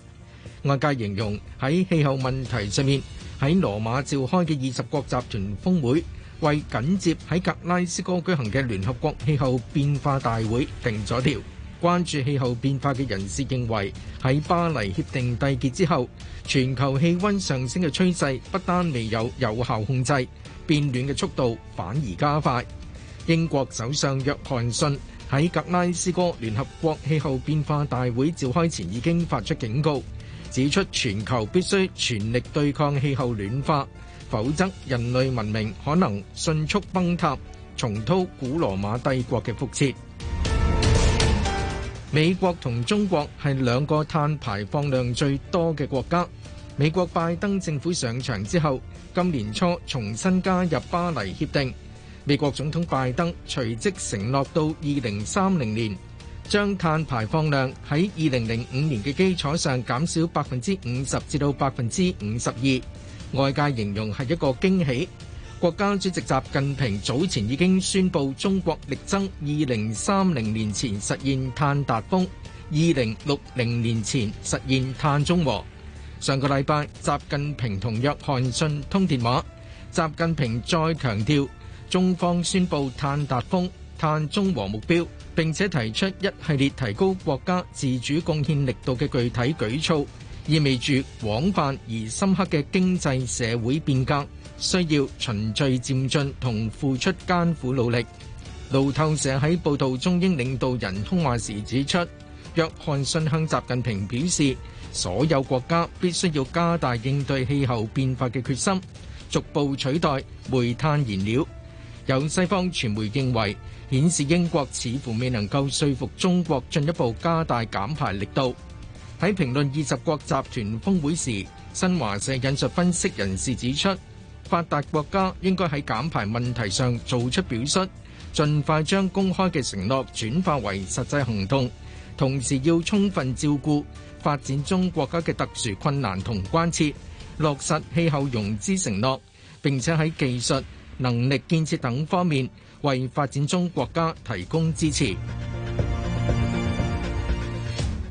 A: 外界形容喺氣候問題上面，喺羅馬召開嘅二十國集團峰會，為緊接喺格拉斯哥舉行嘅聯合國氣候變化大會定咗調。關注氣候變化嘅人士認為，喺巴黎協定締結之後，全球氣温上升嘅趨勢不單未有有效控制，變暖嘅速度反而加快。英國首相約翰遜，喺格拉斯哥聯合國氣候變化大會召開前已經發出警告，指出全球必須全力對抗氣候暖化，否則人類文明可能迅速崩塌，重蹈古羅馬帝國嘅覆轍。美國同中國係兩個碳排放量最多嘅國家。美國拜登政府上場之後，今年初重新加入巴黎協定。美國總統拜登隨即承諾到二零三零年將碳排放量喺二零零五年嘅基礎上減少百分之五十至到百分之五十二。外界形容係一個驚喜。國家主席習近平早前已經宣布，中國力爭二零三零年前實現碳達峰，二零六零年前實現碳中和。上個禮拜，習近平同約翰遜通電話，習近平再強調，中方宣布碳達峰、碳中和目標，並且提出一系列提高國家自主貢獻力度嘅具體舉措，意味住廣泛而深刻嘅經濟社會變革。需要循序漸進同付出艱苦努力。路透社喺報道中英領導人通話時指出，約翰遜向習近平表示，所有國家必須要加大應對氣候變化嘅決心，逐步取代煤炭燃料。有西方傳媒認為，顯示英國似乎未能夠說服中國進一步加大減排力度。喺評論二十國集團峰會時，新華社引述分析人士指出。發達國家應該喺減排問題上做出表率，盡快將公開嘅承諾轉化為實際行動，同時要充分照顧發展中國家嘅特殊困難同關切，落實氣候融資承諾，並且喺技術、能力建設等方面為發展中國家提供支持。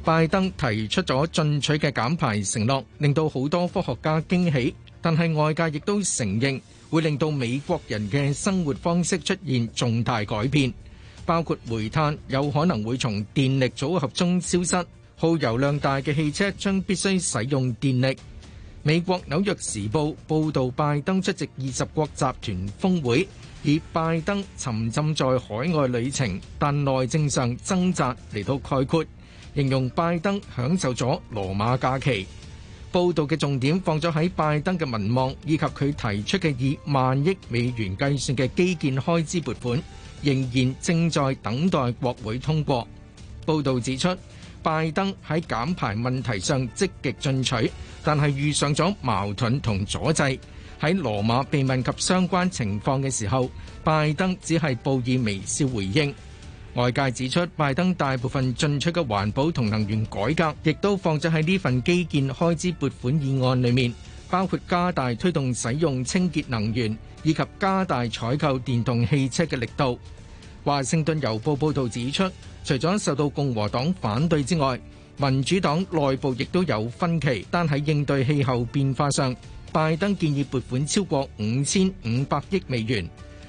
A: 拜登提出咗進取嘅減排承諾，令到好多科學家驚喜。但係外界亦都承認，會令到美國人嘅生活方式出現重大改變，包括煤炭有可能會從電力組合中消失，耗油量大嘅汽車將必須使用電力。美國紐約時報報導，拜登出席二十國集團峰會，而拜登沉浸在海外旅程，但內政上掙扎嚟到概括，形容拜登享受咗羅馬假期。報道嘅重點放咗喺拜登嘅民望，以及佢提出嘅以萬億美元計算嘅基建開支撥款，仍然正在等待國會通過。報道指出，拜登喺減排問題上積極進取，但係遇上咗矛盾同阻滯。喺羅馬被問及相關情況嘅時候，拜登只係報以微笑回應。外界指出，拜登大部分進出嘅環保同能源改革，亦都放咗喺呢份基建開支撥款議案裏面，包括加大推動使用清潔能源，以及加大採購電動汽車嘅力度。華盛頓郵報報道指出，除咗受到共和黨反對之外，民主黨內部亦都有分歧，單喺應對氣候變化上，拜登建議撥款超過五千五百億美元。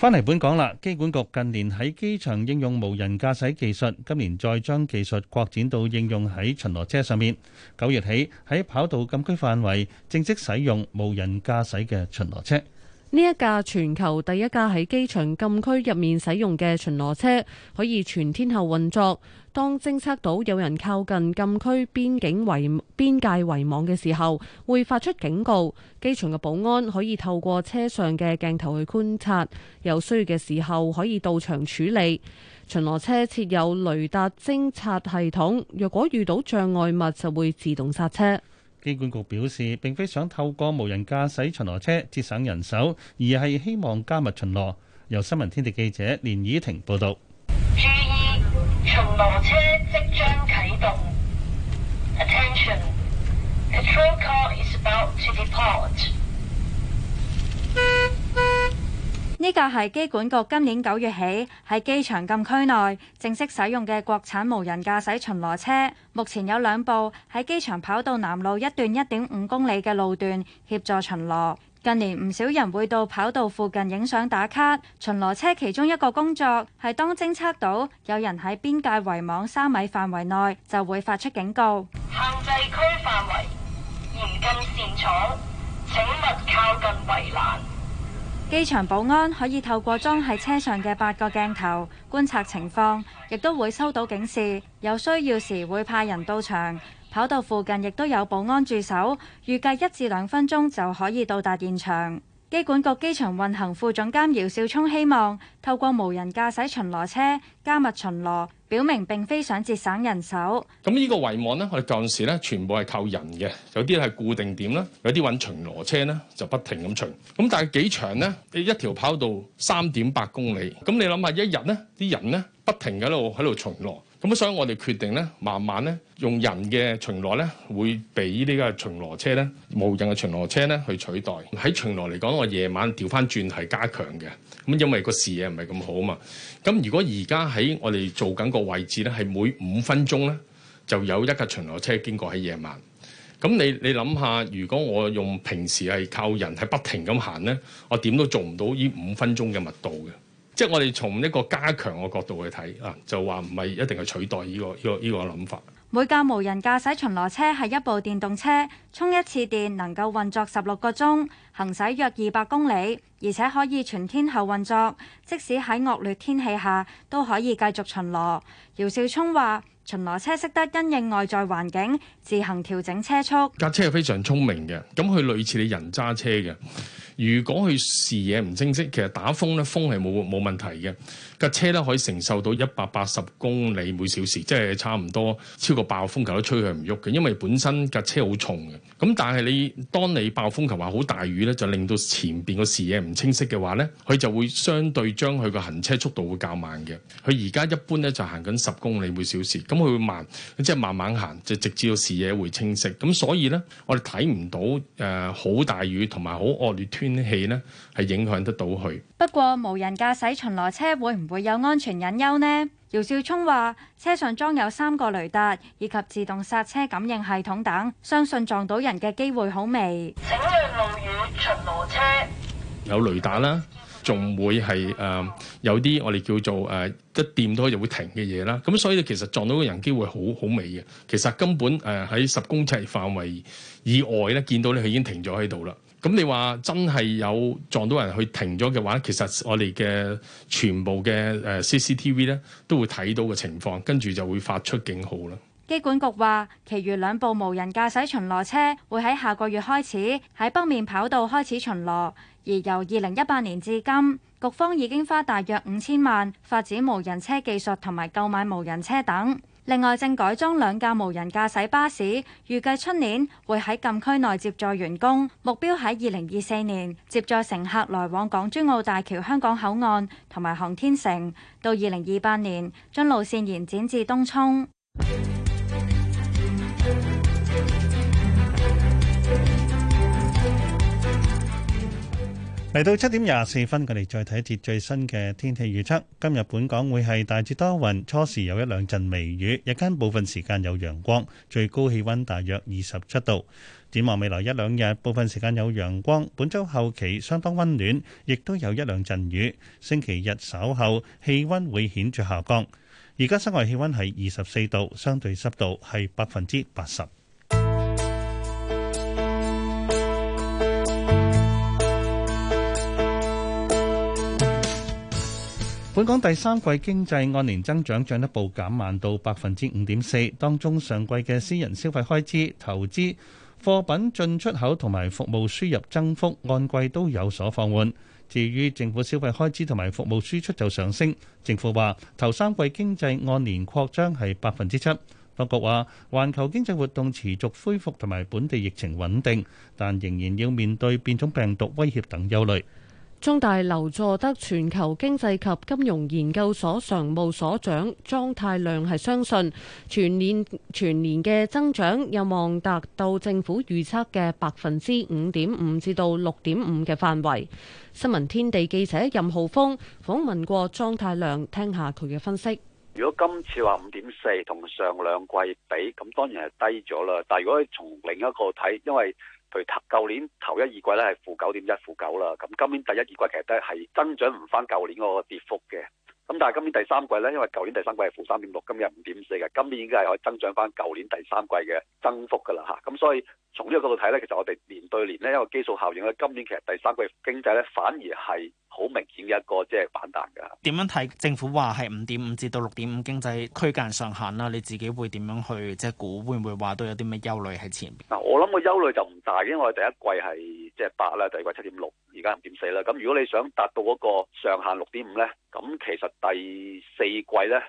D: 翻嚟本港啦，機管局近年喺機場應用無人駕駛技術，今年再將技術擴展到應用喺巡邏車上面。九月起，喺跑道禁區範圍正式使用無人駕駛嘅巡邏車。
C: 呢一架全球第一架喺機場禁區入面使用嘅巡邏車，可以全天候運作。當偵測到有人靠近禁區邊境、圍邊界圍網嘅時候，會發出警告。機場嘅保安可以透過車上嘅鏡頭去觀察，有需要嘅時候可以到場處理。巡邏車設有雷達偵察系統，若果遇到障礙物就會自動剎車。
D: 機管局表示，並非想透過無人駕駛巡邏車節省人手，而係希望加密巡邏。由新聞天地記者連以婷報道。
O: 呢架係機管局今年九月起喺機場禁區內正式使用嘅國產無人駕駛巡邏車，目前有兩部喺機場跑道南路一段一點五公里嘅路段協助巡邏。近年唔少人會到跑道附近影相打卡，巡邏車其中一個工作係當偵測到有人喺邊界圍網三米範圍內，就會發出警告。限制
P: 區範圍嚴禁擅闖，請勿靠近圍欄。
O: 機場保安可以透過裝喺車上嘅八個鏡頭觀察情況，亦都會收到警示。有需要時會派人到場，跑道附近亦都有保安駐守，預計一至兩分鐘就可以到達現場。機管局機場運行副總監姚少聰希望透過無人駕駛巡邏車加密巡邏，表明並非想節省人手。
Q: 咁呢個圍網呢，我哋舊時呢全部係靠人嘅，有啲係固定點啦，有啲搵巡邏車呢就不停咁巡。咁但係幾長呢？你一條跑道三點八公里。咁你諗下，一日呢啲人呢不停喺度喺度巡邏。咁所以我哋決定咧，慢慢咧，用人嘅巡邏咧，會俾呢個巡邏車咧，無人嘅巡邏車咧，去取代。喺巡邏嚟講，我夜晚調翻轉係加強嘅，咁因為個視野唔係咁好啊嘛。咁如果而家喺我哋做緊個位置咧，係每五分鐘咧，就有一架巡邏車經過喺夜晚。咁你你諗下，如果我用平時係靠人係不停咁行咧，我點都做唔到呢五分鐘嘅密度嘅。即係我哋從一個加強嘅角度去睇啊，就話唔係一定係取代呢個呢個呢個諗法。
O: 每架無人駕駛巡邏車係一部電動車，充一次電能夠運作十六個鐘，行駛約二百公里，而且可以全天候運作，即使喺惡劣天氣下都可以繼續巡邏。姚少聰話：巡邏車識得因應外在環境，自行調整車速。
Q: 架車係非常聰明嘅，咁佢類似你人揸車嘅。如果佢視野唔清晰，其實打風咧，風係冇冇問題嘅。架車咧可以承受到一百八十公里每小時，即係差唔多超過暴風球都吹佢唔喐嘅，因為本身架車好重嘅。咁但係你當你暴風球話好大雨咧，就令到前邊個視野唔清晰嘅話咧，佢就會相對將佢個行車速度會較慢嘅。佢而家一般咧就行緊十公里每小時，咁佢會慢，即係慢慢行，就直至到視野會清晰。咁所以咧，我哋睇唔到誒好、呃、大雨同埋好惡劣天氣咧係影響得到佢。
O: 不過無人駕駛巡邏車會唔會有安全隱憂呢？姚少聰話：車上裝有三個雷達以及自動剎車感應系統等，相信撞到人嘅機會好微。請讓路與巡邏車
Q: 有雷達啦，仲會係誒、呃、有啲我哋叫做誒、呃、一掂到就會停嘅嘢啦。咁所以其實撞到個人機會好好微嘅。其實根本誒喺十公尺範圍以外咧，見到咧佢已經停咗喺度啦。咁你話真係有撞到人去停咗嘅話，其實我哋嘅全部嘅誒 CCTV 咧都會睇到嘅情況，跟住就會發出警號啦。
O: 機管局話，其餘兩部無人駕駛巡邏車會喺下個月開始喺北面跑道開始巡邏，而由二零一八年至今，局方已經花大約五千萬發展無人車技術，同埋購買無人車等。另外，正改裝兩架無人駕駛巴士，預計出年會喺禁區內接載員工。目標喺二零二四年接載乘客來往港珠澳大橋香港口岸同埋航天城，到二零二八年將路線延展至東涌。嚟
D: 到七點廿四分，我哋再睇一節最新嘅天氣預測。今日本港會係大致多雲，初時有一兩陣微雨，日間部分時間有陽光，最高氣溫大約二十七度。展望未來一兩日，部分時間有陽光，本周後期相當温暖，亦都有一兩陣雨。星期日稍後氣温會顯著下降。而家室外氣温係二十四度，相對濕度係百分之八十。本港第三季經濟按年增長進一步減慢到百分之五點四，當中上季嘅私人消費開支、投資、貨品進出口同埋服務輸入增幅按季都有所放緩。至於政府消費開支同埋服務輸出就上升。政府話頭三季經濟按年擴張係百分之七。當局話，環球經濟活動持續恢復同埋本地疫情穩定，但仍然要面對變種病毒威脅等憂慮。
C: 中大劉佐德全球經濟及金融研究所常務所長莊太量，係相信全年全年嘅增長有望達到政府預測嘅百分之五點五至到六點五嘅範圍。新聞天地記者任浩峰訪問過莊太量，聽下佢嘅分析。
O: 如果
E: 今次話五點四同上兩季比，咁當然係低咗啦。但係如果從另一個睇，因為譬如頭舊年頭一二季咧，係負九點一負九啦，咁今年第一二季其實都係增長唔返舊年嗰個跌幅嘅。咁但係今年第三季咧，因為舊年第三季係負三點六，6, 今日五點四嘅，今年已經係可以增長翻舊年第三季嘅增幅噶啦吓，咁所以從呢個角度睇咧，其實我哋年對年呢，因為基數效應咧，今年其實第三季經濟咧反而係好明顯嘅一個即係反彈噶。
P: 點樣睇政府話係五點五至到六點五經濟區間上限啦？你自己會點樣去即係估會唔會話都有啲咩憂慮喺前邊？
E: 嗱，我諗個憂慮就唔大，因為我第一季係即係八啦，第二季七點六。而家五點四啦，咁如果你想達到嗰個上限六點五咧，咁其實第四季咧，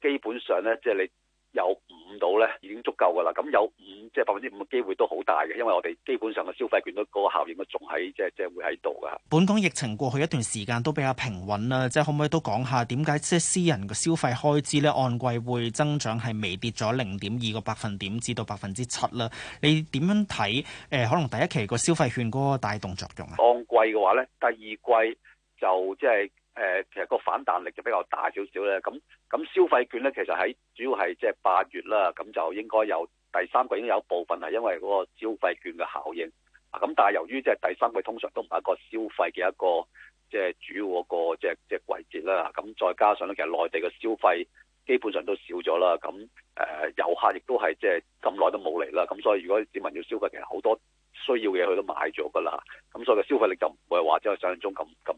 E: 基本上咧，即係你。有五度咧，已經足夠噶啦。咁有五，即係百分之五嘅機會都好大嘅，因為我哋基本上嘅消費券都嗰個效應都仲喺，即係即係會喺度噶。
P: 本港疫情過去一段時間都比較平穩啦，即係可唔可以都講下點解即係私人嘅消費開支咧按季會增長係微跌咗零點二個百分點至到百分之七啦？你點樣睇？誒、呃，可能第一期個消費券嗰個帶動作用
E: 啊？按季嘅話咧，第二季就即係。誒，其實個反彈力就比較大少少咧。咁咁消費券咧，其實喺主要係即係八月啦。咁就應該有第三季已經有部分係因為嗰個消費券嘅效應。啊，咁但係由於即係第三季通常都唔係一個消費嘅一個即係、就是、主要嗰、那個即係即係季節啦。咁、啊、再加上咧，其實內地嘅消費基本上都少咗啦。咁、啊、誒，遊、呃、客亦、就是、都係即係咁耐都冇嚟啦。咁、啊、所以如果市民要消費，其實好多需要嘅嘢佢都買咗㗎啦。咁、啊、所以個消費力就唔會話即係想像中咁咁。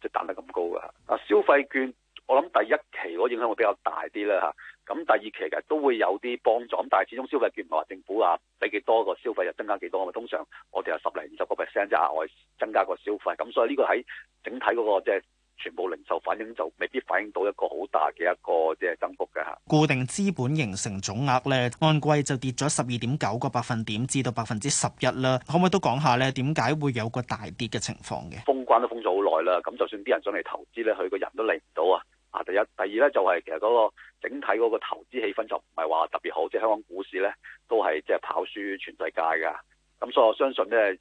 E: 即係彈得咁高嘅，啊消費券我諗第一期嗰個影響會比較大啲啦嚇，咁第二期其實都會有啲幫助，咁但係始終消費券唔係話政府啊俾幾多個消費就增加幾多，咁啊通常我哋有十零二十個 percent 即係額外增加個消費，咁所以呢個喺整體嗰個即係。全部零售反映就未必反映到一個好大嘅一個即係增幅嘅嚇。
P: 固定資本形成總額咧，按季就跌咗十二點九個百分點至到百分之十一啦。可唔可以都講下咧，點解會有個大跌嘅情況
E: 嘅？封關都封咗好耐啦，咁就算啲人想嚟投資咧，佢個人都嚟唔到啊！啊，第一，第二咧就係其實嗰個整體嗰個投資氣氛就唔係話特別好，即係香港股市咧都係即係跑輸全世界噶，咁所以我相信咧。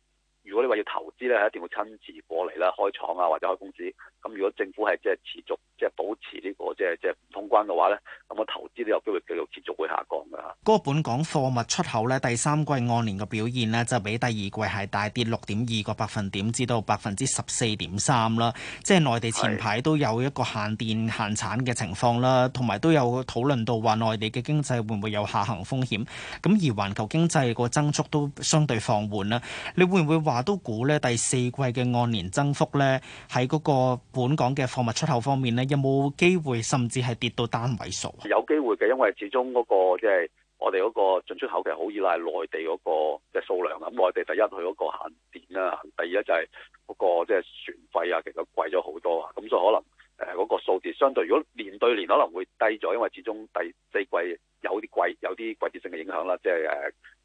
E: 如果你話要投資咧，一定要親自過嚟啦，開廠啊或者開公司。咁如果政府係即係持續即係保持呢個即係即係唔通關嘅話咧，咁我投資都有機會繼續持
P: 續會下降嘅嚇。嗰個本港貨物出口咧，第三季按年嘅表現呢，就比第二季係大跌六點二個百分點，至到百分之十四點三啦。即係內地前排都有一個限電限產嘅情況啦，同埋是都有討論到話內地嘅經濟會唔會有下行風險。咁而環球經濟個增速都相對放緩啦，你會唔會話？都估咧第四季嘅按年增幅咧，喺嗰個本港嘅貨物出口方面咧，有冇機會甚至係跌到單位數
E: 啊？有機會嘅，因為始終嗰、嗰個即係、即係、我哋嗰個進出口嘅，好依賴內地嗰個即係數量啊。咁內地第一，佢嗰個限電啦，第二咧就係嗰個即係船費啊，其實貴咗好多啊。咁所以可能誒嗰、呃嗰個數字相對如果年對年可能會低咗，因為始終第四季有啲貴，有啲季節性嘅影響啦，即係誒。呃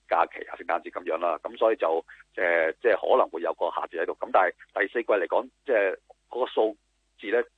E: 假期啊，聖誕節咁樣啦、啊，咁所以就誒、呃，即係可能會有個下跌喺度。咁但係第四季嚟講，即係個數。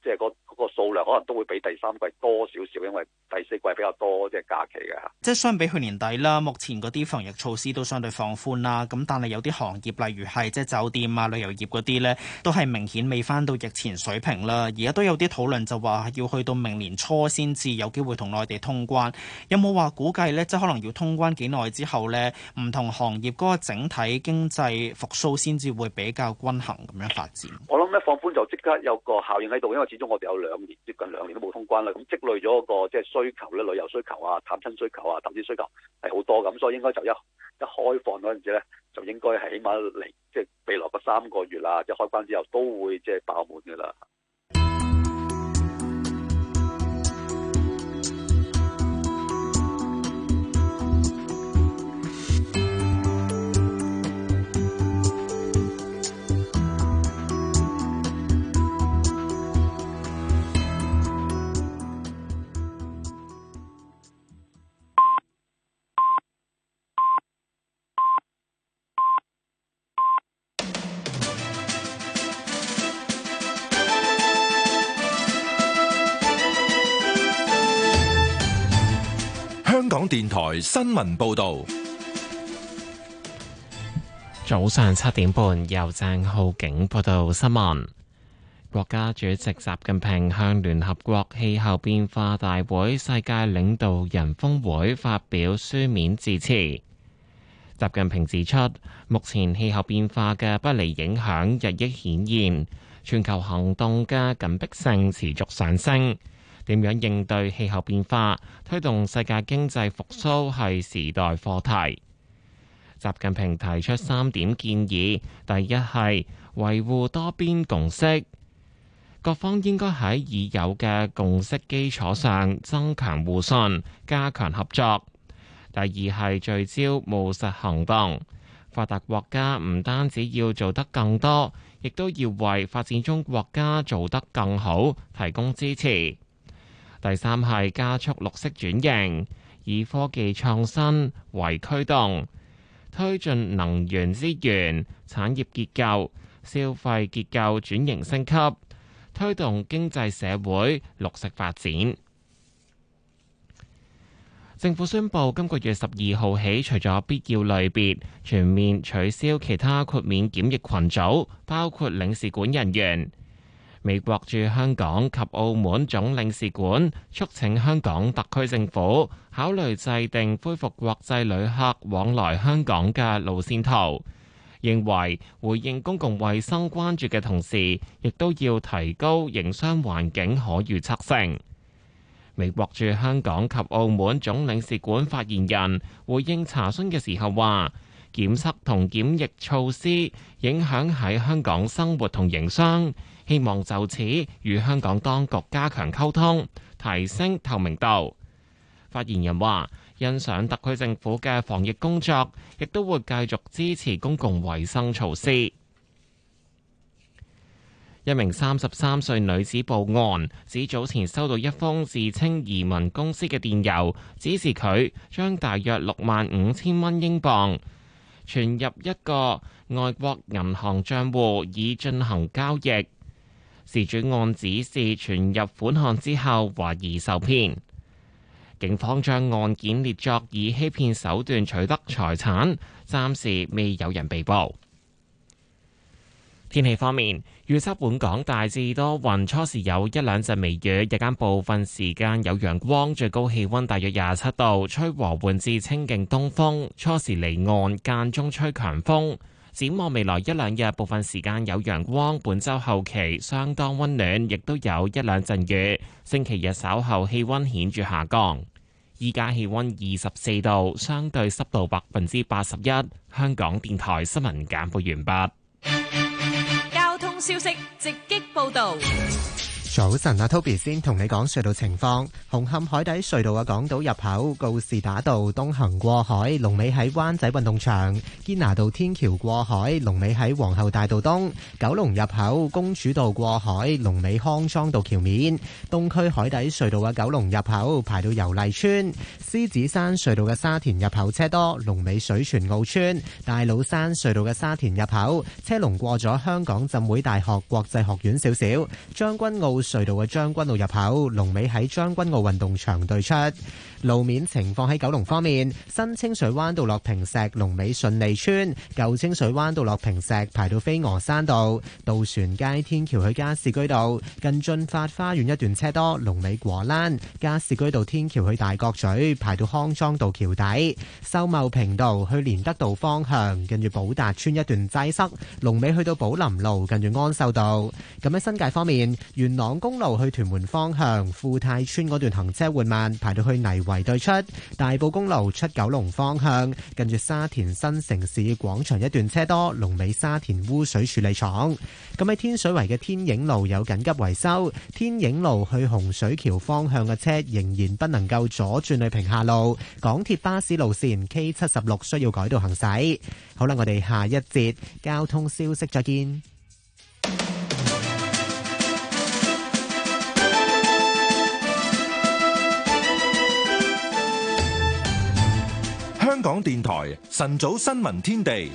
E: 即係個個數量可能都會比第三季多少少，因為第四季比較多，即係、就是、假
P: 期嘅。即係相比去年底啦，目前嗰啲防疫措施都相對放寬啦。咁但係有啲行業，例如係即係酒店啊、旅遊業嗰啲呢，都係明顯未翻到疫情水平啦。而家都有啲討論就話要去到明年初先至有機會同內地通關。有冇話估計呢？即係可能要通關幾耐之後呢，唔同行業嗰個整體經濟復甦先至會比較均衡咁樣發展。我諗呢放
E: 寬就即刻有個效應。度，因為始終我哋有兩年，接近兩年都冇通關啦，咁積累咗一、個即係、就是、需求咧，旅遊需求啊、探親需求啊、投資需求係好多咁，所以應該就一一開放嗰陣時咧，就應該係起碼嚟即係未來嗰、就是、三個月啦，即、就、係、是、開關之後都會即係、就是、爆滿噶啦。
A: 香港電台新聞報道，
L: 早上七點半，由鄭浩景報道新聞。國家主席習近平向聯合國氣候變化大會世界領導人峰會發表書面致辭。習近平指出，目前氣候變化嘅不利影響日益顯現，全球行動嘅緊迫性持續上升。點樣應對氣候變化、推動世界經濟復蘇，係時代課題。習近平提出三點建議：第一，係維護多邊共識，各方應該喺已有嘅共識基礎上增強互信、加強合作；第二，係聚焦務實行動，發達國家唔單止要做得更多，亦都要為發展中國家做得更好提供支持。第三係加速綠色轉型，以科技創新為驅動，推進能源資源、產業結構、消費結構轉型升級，推動經濟社會綠色發展。政府宣布今個月十二號起，除咗必要類別，全面取消其他豁免檢疫群組，包括領事館人員。美國駐香港及澳門總領事館促請香港特區政府考慮制定恢復國際旅客往來香港嘅路線圖，認為回應公共衛生關注嘅同時，亦都要提高營商環境可預測性。美國駐香港及澳門總領事館發言人回應查詢嘅時候話，檢測同檢疫措施影響喺香港生活同營商。希望就此與香港當局加強溝通，提升透明度。發言人話欣賞特區政府嘅防疫工作，亦都會繼續支持公共衛生措施。一名三十三歲女子報案，指早前收到一封自稱移民公司嘅電郵，指示佢將大約六萬五千蚊英鎊存入一個外國銀行賬戶以進行交易。事主按指示存入款項之後懷疑受騙，警方將案件列作以欺騙手段取得財產，暫時未有人被捕。天氣方面，預測本港大致多雲，初時有一兩陣微雨，日間部分時間有陽光，最高氣温大約廿七度，吹和緩至清勁東風，初時離岸間中吹強風。展望未來一兩日，部分時間有陽光，本週後期相當溫暖，亦都有一兩陣雨。星期日稍後氣溫顯著下降。依家氣溫二十四度，相對濕度百分之八十一。香港
J: 電台新聞簡報完畢。
I: 交通消息直擊報
C: 道。
J: 早晨啊，Toby 先同你講隧道情況。紅磡海底隧道嘅港島入口告士打道東行過海，龍尾喺灣仔運動場；堅拿道天橋過海，龍尾喺皇后大道東。九龍入口公主道過海，龍尾康莊道橋面。東區海底隧道嘅九龍入口排到油麗村。獅子山隧道嘅沙田入口車多，龍尾水泉澳村。大老山隧道嘅沙田入口車龍過咗香港浸會大學國際學院少少。將軍澳隧道嘅將軍澳入口，龍尾喺將軍澳運動場對出。路面情況喺九龍方面，新清水灣道落坪石龍尾順利村，舊清水灣道落坪石排到飛鵝山道，渡船街天橋去加士居道，近俊發花園一段車多，龍尾果欄，加士居道天橋去大角咀排到康莊道橋底，秀茂坪道去連德道方向，近住寶達村一段擠塞，龍尾去到寶林路近住安秀道。咁喺新界方面，元朗公路去屯門方向，富泰村嗰段行車緩慢，排到去泥圍對出大埔公路出九龍方向，近住沙田新城市廣場一段車多，龍尾沙田污水處理廠。咁喺天水圍嘅天影路有緊急維修，天影路去洪水橋方向嘅車仍然不能夠左轉去屏廈路。港鐵巴士路線 K 七十六需要改道行駛。好啦，我哋下一節交通消息再見。
A: 香港電台晨早新聞天地，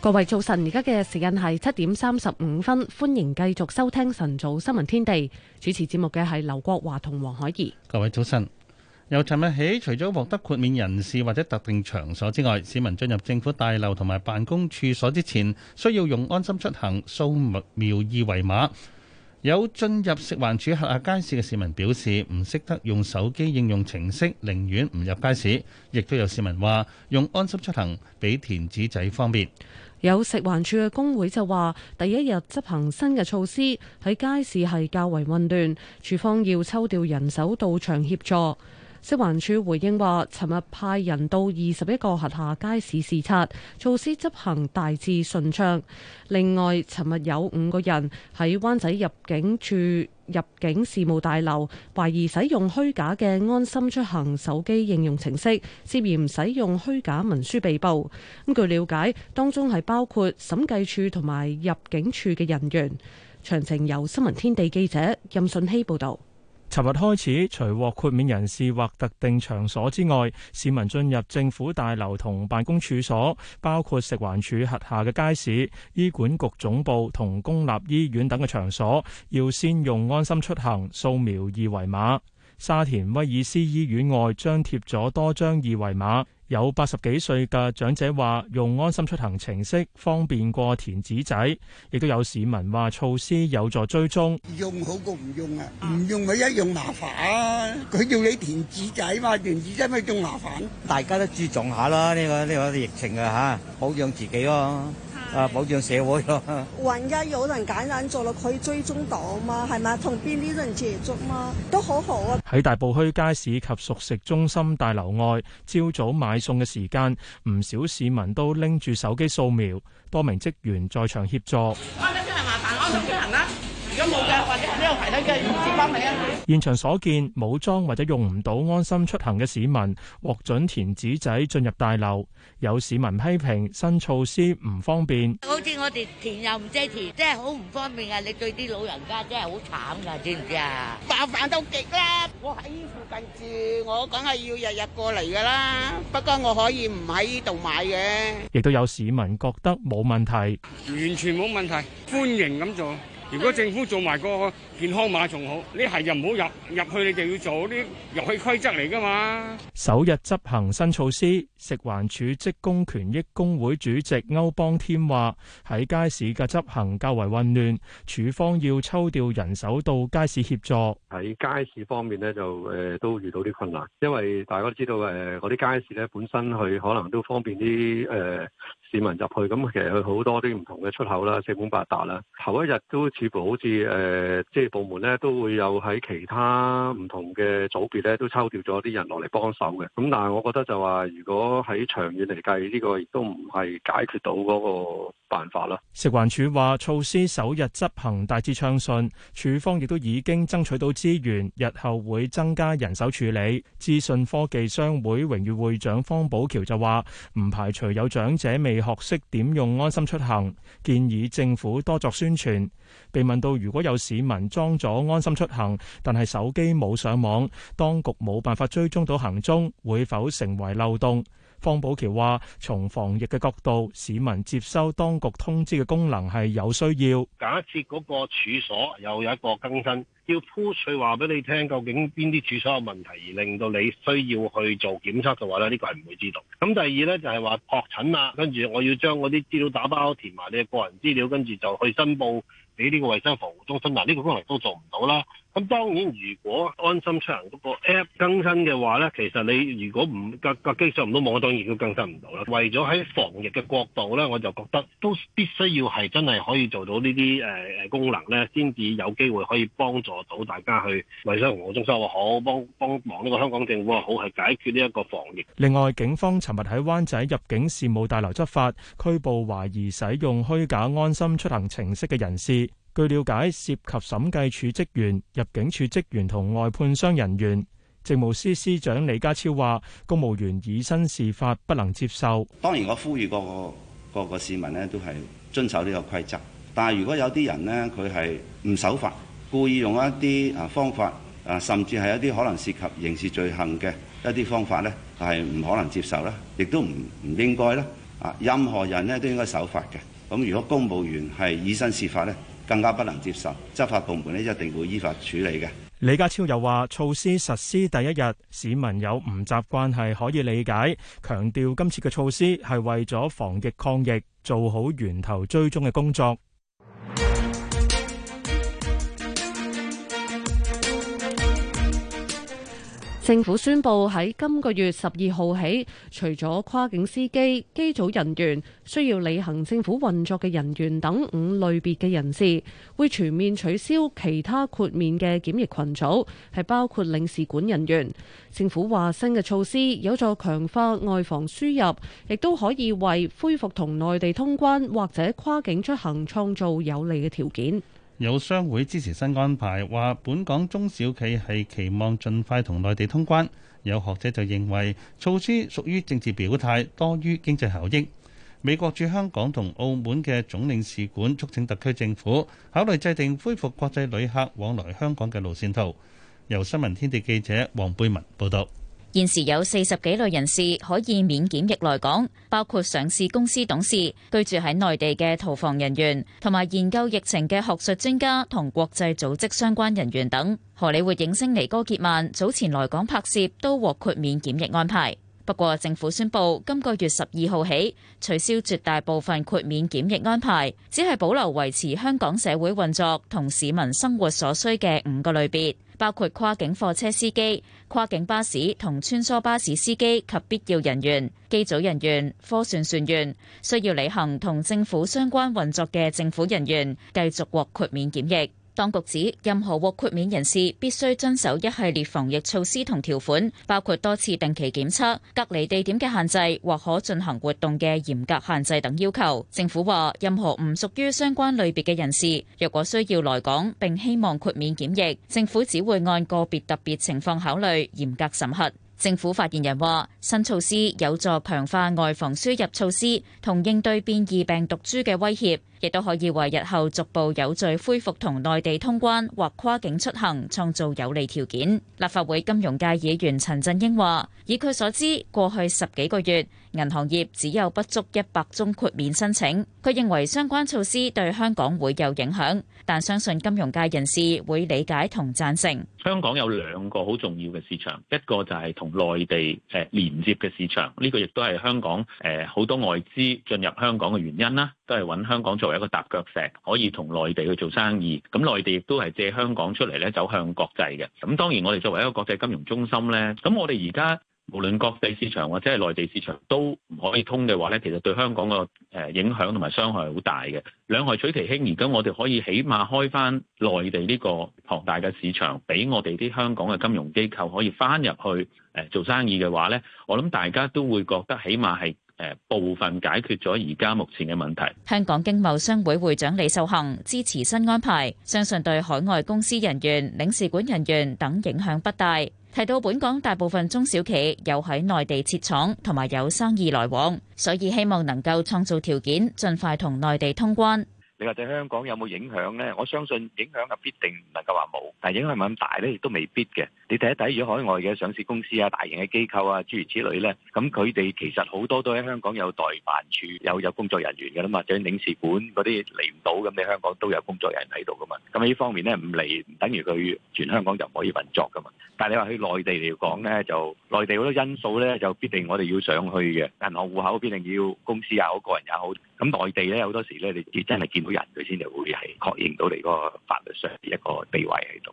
C: 各位早晨，而家嘅時間係七點三十五分，歡迎繼續收聽晨早新聞天地。主持節目嘅係劉國華同黃海怡。
D: 各位早晨，由尋日起，除咗獲得豁免人士或者特定場所之外，市民進入政府大樓同埋辦公處所之前，需要用安心出行掃描二維碼。有進入食環署轄下街市嘅市民表示，唔識得用手機應用程式，寧願唔入街市。亦都有市民話，用安心出行比填紙仔方便。
C: 有食環署嘅工會就話，第一日執行新嘅措施喺街市係較為混亂，署方要抽調人手到場協助。食環署回應話，尋日派人到二十一個轄下街市視察，措施執行大致順暢。另外，尋日有五個人喺灣仔入境處入境事務大樓，懷疑使用虛假嘅安心出行手機應用程式，涉嫌使用虛假文書被捕。咁據了解，當中係包括審計處同埋入境處嘅人員。詳情由新聞天地記者任信希報道。尋
H: 日開始，除獲豁免人士或特定場所之外，市民進入政府大樓同辦公處所，包括食環署轄下嘅街市、醫管局總部同公立醫院等嘅場所，要先用安心出行掃描二維碼。沙田威爾斯醫院外張貼咗多張二維碼。有八十幾歲嘅長者話用安心出行程式，方便過填紙仔，亦都有市民話措施有助追蹤。
E: 用好過唔用啊，唔用咪一樣麻
F: 煩啊！佢叫你填紙仔嘛，填紙仔咪仲麻煩。
J: 大家都注重下啦，呢個呢個疫情啊吓，保養自己哦。啊！保障社會咯。
C: 萬一有人感染咗啦，可以追蹤到嘛？係咪同邊啲人接觸嘛？都好好啊。
H: 喺大埔墟街市及熟食中心大樓外，朝早買餸嘅時間，唔少市民都拎住手機掃描，多名職員在場協助。安
I: 心出行嘛，安心出
L: 行啦。咁冇噶，或者喺呢個排隊嘅，唔
N: 知翻
H: 未啊？現場所見，冇裝或者用唔到安心出行嘅市民獲准填紙仔進入大樓。有市民批評新措施唔方便，
M: 好似我哋填又唔知填，真係好唔方便啊！你對啲老人家真係好慘噶，知唔知啊？麻煩到極
G: 啦！我喺呢附近住，我梗係要日日過嚟噶啦。不過我可以
Q: 唔喺呢度買嘅。
H: 亦都有市民覺得冇問題，
F: 完全冇問題，
Q: 歡迎咁做。如果政府做埋個健康碼仲好，你係又唔好入入去，你就要做啲遊戲規則嚟噶嘛。
H: 首日執行新措施，食環署職工權益工會主席歐邦添話：喺街市嘅執行較為混亂，署方要抽調人手到街市協助。喺街市
E: 方面咧，就誒、呃、都遇到啲困難，因為大家都知道誒，嗰、呃、啲街市咧本身佢可能都方便啲誒。呃市民入去，咁其實佢好多啲唔同嘅出口啦，四通八達啦。頭一日都似乎好似誒，即係部門咧都會有喺其他唔同嘅組別咧都抽調咗啲人落嚟幫手嘅。咁但係我覺得就話，如果喺長遠嚟計，呢個亦都唔係解決到嗰個辦法啦。
H: 食環署話措施首日執行大致暢順，署方亦都已經爭取到資源，日後會增加人手處理。資訊科技商會榮譽會長方寶橋就話：唔排除有長者未學識點用安心出行，建議政府多作宣傳。被問到如果有市民裝咗安心出行，但係手機冇上網，當局冇辦法追蹤到行蹤，會否成為漏洞？方寶橋話：從防疫嘅角度，市民接收當局通知嘅功能係有需要。
Q: 假設嗰個處所又有一個更新，要鋪碎話俾你聽，究竟邊啲處所有問題而令到你需要去做檢測嘅話咧，呢個係唔會知道。咁第二呢，就係話確診啦，跟住我要將嗰啲資料打包填埋你嘅個人資料，跟住就去申報。俾呢個衞生防護中心嗱，呢個功能都做唔到啦。咁當然，如果安心出行嗰個 app 更新嘅話咧，其實你如果唔架架機上唔到網，當然都更新唔到啦。為咗喺防疫嘅角度咧，我就覺得都必須要係真係可以做到呢啲誒誒功能咧，先至有機會可以幫助到大家。去衞生防護中心話好幫幫忙，呢個香港政府好係解決呢一個防疫。
H: 另外，警方尋日喺灣仔入境事務大樓執法，拘捕懷疑使用虛假安心出行程式嘅人士。據了解，涉及審計署職員、入境處職員同外判商人員。政務司司長李家超話，公務員以身試法不能接受。
N: 當然，我呼籲各個各個市民呢都係遵守呢個規則。但係如果有啲人呢，佢係唔守法，故意用一啲啊方法啊，甚至係一啲可能涉及刑事罪行嘅一啲方法呢，係唔可能接受啦，亦都唔唔應該啦。啊，任何人呢，都應該守法嘅。咁如果公務員係以身試法呢，更加不能接受，執法部門呢一定會依法處理嘅。
H: 李家超又話：措施實施第一日，市民有唔習慣係可以理解，強調今次嘅措施係為咗防疫抗疫，做好源頭追蹤嘅工作。
C: 政府宣布喺今個月十二號起，除咗跨境司機、機組人員、需要履行政府運作嘅人員等五類別嘅人士，會全面取消其他豁免嘅檢疫群組，係包括領事館人員。政府話新嘅措施有助強化外防輸入，亦都可以為恢復同內地通關或者跨境出行創造有利嘅條件。
D: 有商會支持新安排，話本港中小企係期望盡快同內地通關，有學者就認為措施屬於政治表態多於經濟效益。美國駐香港同澳門嘅總領事館促請特區政府考慮制定恢復國際旅客往來香港嘅路線圖，由新聞天地記者黃貝文報道。
M: 現時有四十幾類人士可以免檢疫來港，包括上市公司董事、居住喺內地嘅逃房人員、同埋研究疫情嘅學術專家同國際組織相關人員等。荷里活影星妮歌潔曼早前來港拍攝都獲豁免檢疫安排。不過，政府宣布今個月十二號起取消絕大部分豁免檢疫安排，只係保留維持香港社會運作同市民生活所需嘅五個類別，包括跨境貨車司機。跨境巴士同穿梭巴士司機及必要人員、機組人員、科船船員，需要履行同政府相關運作嘅政府人員，繼續獲豁免檢疫。當局指，任何獲豁免人士必須遵守一系列防疫措施同條款，包括多次定期檢測、隔離地點嘅限制或可進行活動嘅嚴格限制等要求。政府話，任何唔屬於相關類別嘅人士，若果需要來港並希望豁免檢疫，政府只會按個別特別情況考慮，嚴格審核。政府發言人話：新措施有助強化外防輸入措施同應對變異病毒株嘅威脅，亦都可以為日後逐步有序恢復同內地通關或跨境出行創造有利條件。立法會金融界議員陳振英話：以佢所知，過去十幾個月，銀行業只有不足一百宗豁免申請，佢認為相關措施對香港會有影響，但相信金融界人士會理解同贊成。
E: 香港有兩個好重要嘅市場，一個就係同內地誒連接嘅市場，呢個亦都係香
L: 港誒好多外資進入香港嘅原因啦，都係揾香港作為一個踏腳石，可以同內地去做生意。咁內地亦都係借香港出嚟咧走向國際嘅。咁當然我哋作
E: 為一個國際金融中心咧，咁我哋而家。無論國際市場或者係內地市場都唔可以通嘅話咧，其實對香港個誒影響同埋傷害係好大嘅。兩害取其輕，而家我哋可以起碼開翻內地呢個龐大嘅市場，俾我哋啲香港嘅金融機構可以翻入去誒做生意嘅話咧，我諗大家都會覺得起碼係。
L: 誒部分解決咗而家目前嘅問題。
M: 香港經貿商會會長李秀恆支持新安排，相信對海外公司人員、領事館人員等影響不大。提到本港大部分中小企有喺內地設廠同埋有生意來往，所以希望能夠創造條件，盡快同內地通關。
E: 你話對香港有冇影響呢？我相信影響係必定唔能夠話冇，但係影響係咪咁大呢，亦都未必嘅。你睇一睇，如果海外嘅上市公司啊、大型嘅機構啊，諸如此類咧，咁佢哋其實好多都喺香港有代辦處，有有工作人員噶啦嘛。或者領事館嗰啲嚟唔到，咁你香港都有工作人員喺度噶嘛。咁喺呢方面咧，唔嚟唔等於佢全香港就唔可以運作噶嘛。但係你話去內地嚟講咧，就內地好多因素咧，就必定我哋要上去嘅銀行戶口，必定要公司也好，我個人也好。咁內地咧好多時咧，你真係見到人佢先就會係確認到你嗰個法律上一個地位喺度。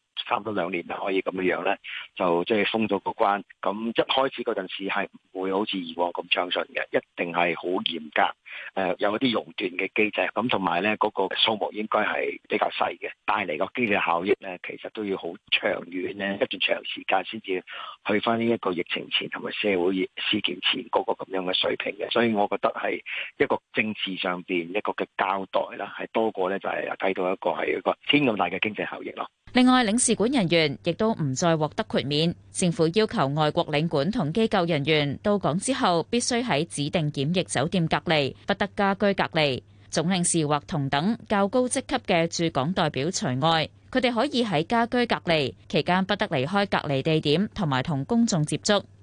E: 差唔多兩年就可以咁樣樣咧，就即係封咗個關。咁一開始嗰陣時係唔會好似以往咁暢順嘅，一定係好嚴格。誒、呃，有一啲熔斷嘅機制。咁同埋咧，嗰、那個數目應該係比較細嘅，帶嚟個經濟效益咧，其實都要好長遠咧，一段長時間先至去翻呢一個疫情前同埋社會事件前嗰個咁樣嘅水平嘅。所以，我覺得係一個政治上面一個嘅交代啦，係多過咧就係、是、睇到一個係一個天咁大嘅經濟效益咯。
M: 另外，領事館人員亦都唔再獲得豁免。政府要求外國領館同機構人員到港之後，必須喺指定檢疫酒店隔離，不得家居隔離。總領事或同等較高職級嘅駐港代表除外。佢哋可以喺家居隔離，期間不得離開隔離地點同埋同公眾接觸。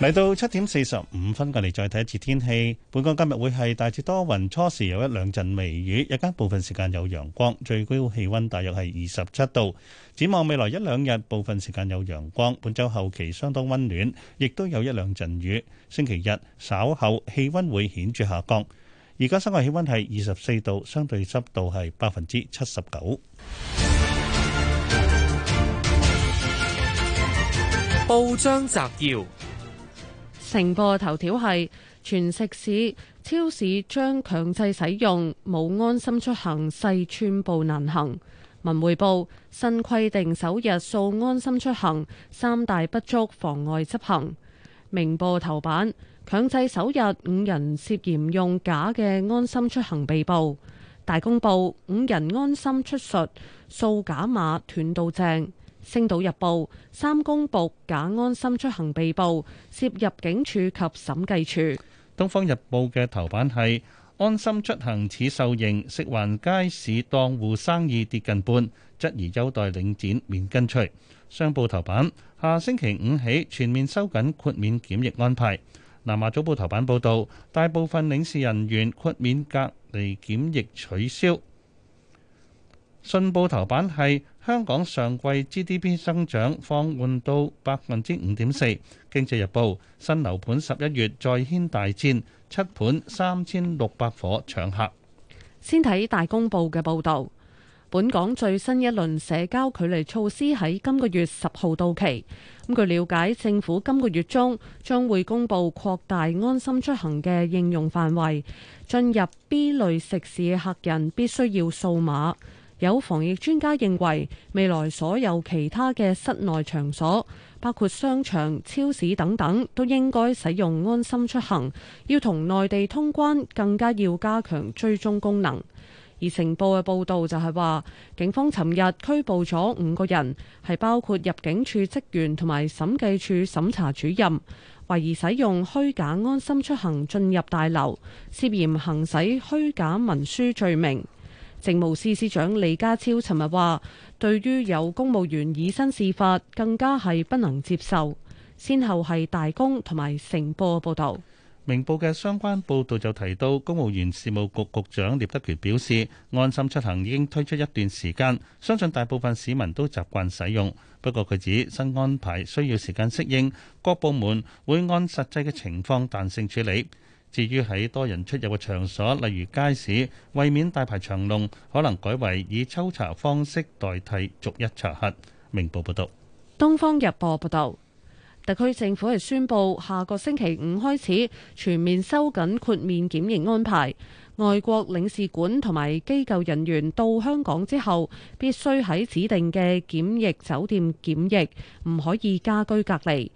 D: 嚟到七點四十五分，我哋再睇一次天氣。本港今日會係大致多雲，初時有一兩陣微雨，日間部分時間有陽光，最高氣溫大約係二十七度。展望未來一兩日，部分時間有陽光，本周後期相當溫暖，亦都有一兩陣雨。星期日稍後氣溫會顯著下降。而家室外氣溫係二十四度，相對濕度係百分之七十九。
C: 報章摘要。成報頭條係全食肆超市將強制使用冇安心出行，細寸步難行。文匯報新規定首日，數安心出行三大不足妨礙執行。明報頭版強制首日，五人涉嫌用假嘅安心出行被捕。大公報五人安心出術掃假碼斷到正。《星島日報》三公部假安心出行被捕，涉入境處及審計處。
D: 《東方日報》嘅頭版係安心出行似受刑，食環街市檔戶生意跌近半，質疑優待領展免跟隨。商報頭版下星期五起全面收緊豁免檢疫安排。南華早報頭版報道，大部分領事人員豁免隔離檢疫取消。信報頭版係。香港上季 GDP 增長放緩到百分之五點四。經濟日報新樓盤十一月再掀大戰，七盤三千六百伙搶客。
C: 先睇大公報嘅報導，本港最新一輪社交距離措施喺今個月十號到期。咁據了解，政府今個月中將會公布擴大安心出行嘅應用範圍，進入 B 類食肆嘅客人必須要掃碼。有防疫專家認為，未來所有其他嘅室內場所，包括商場、超市等等，都應該使用安心出行。要同內地通關，更加要加強追蹤功能。而成報嘅報道就係話，警方尋日拘捕咗五個人，係包括入境處職員同埋審計署審查主任，懷疑使用虛假安心出行進入大樓，涉嫌行使虛假文書罪名。政務司司長李家超尋日話，對於有公務員以身試法，更加係不能接受。先後係《大公報》同埋《明報》報道，《
D: 明報》嘅相關報道就提到，公務員事務局局長聶德權表示，安心出行已經推出一段時間，相信大部分市民都習慣使用。不過佢指新安排需要時間適應，各部門會按實際嘅情況彈性處理。至於喺多人出入嘅場所，例如街市，為免大排長龍，可能改為以抽查方式代替逐一查核。明報報道。
C: 東方日報報道，特區政府係宣布下個星期五開始全面收緊豁免檢疫安排。外國領事館同埋機構人員到香港之後，必須喺指定嘅檢疫酒店檢疫，唔可以家居隔離。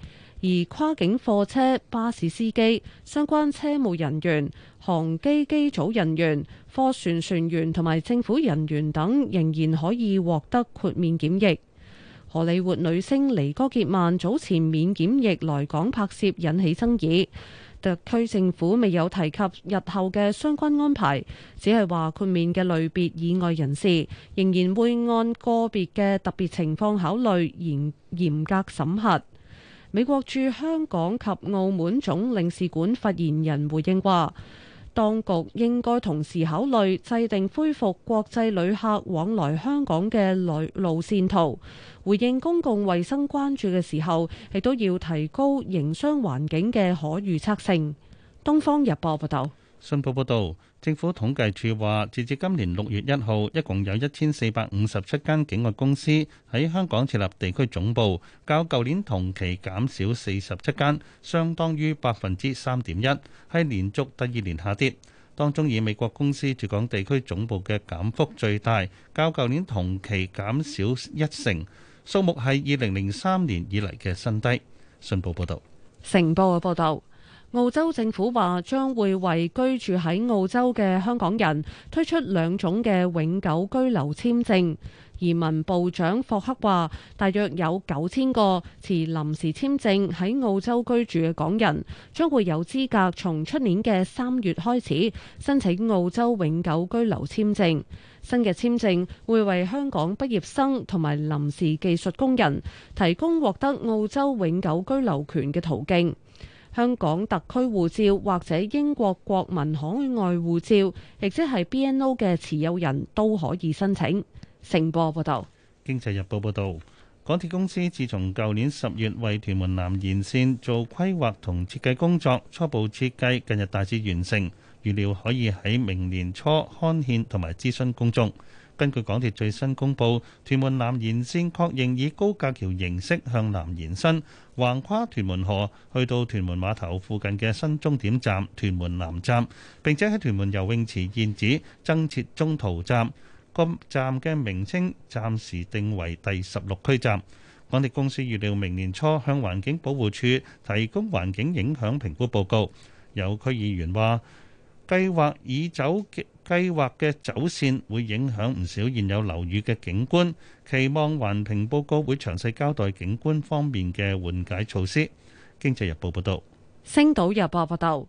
C: 而跨境貨車、巴士司機、相關車務人員、航機機組人員、貨船船員同埋政府人員等，仍然可以獲得豁免檢疫。荷里活女星尼哥傑曼早前免檢疫來港拍攝，引起爭議。特區政府未有提及日後嘅相關安排，只係話豁免嘅類別以外人士，仍然會按個別嘅特別情況考慮嚴嚴格審核。美國駐香港及澳門總領事館發言人回應話，當局應該同時考慮制定恢復國際旅客往來香港嘅旅路線圖。回應公共衛生關注嘅時候，亦都要提高營商環境嘅可預測性。東方日報報道。
D: 信報報道，政府統計處話，截至今年六月一號，一共有一千四百五十七間境外公司喺香港設立地區總部，較舊年同期減少四十七間，相當於百分之三點一，係連續第二年下跌。當中以美國公司駐港地區總部嘅減幅最大，較舊年同期減少一成，數目係二零零三年以嚟嘅新低。信報報道。
C: 成報嘅報道。澳洲政府話將會為居住喺澳洲嘅香港人推出兩種嘅永久居留簽證。移民部長霍克話，大約有九千個持臨時簽證喺澳洲居住嘅港人，將會有資格從出年嘅三月開始申請澳洲永久居留簽證。新嘅簽證會為香港畢業生同埋臨時技術工人提供獲得澳洲永久居留權嘅途徑。香港特區護照或者英國國民海外護照，亦即係 BNO 嘅持有人都可以申請。盛波報導，
D: 《經濟日報》報導，港鐵公司自從舊年十月為屯門南延線做規劃同設計工作，初步設計近日大致完成，預料可以喺明年初刊憲同埋諮詢公眾。根據港鐵最新公佈，屯門南延線確認以高架橋形式向南延伸，橫跨屯門河，去到屯門碼頭附近嘅新終點站屯門南站，並且喺屯門游泳池現址增設中途站，個站嘅名稱暫時定為第十六區站。港鐵公司預料明年初向環境保護署提供環境影響評估報告。有區議員話：計劃已走嘅，計劃嘅走線會影響唔少現有樓宇嘅景觀，期望環評報告會詳細交代景觀方面嘅緩解措施。經濟日報報道，
C: 星島日報報道，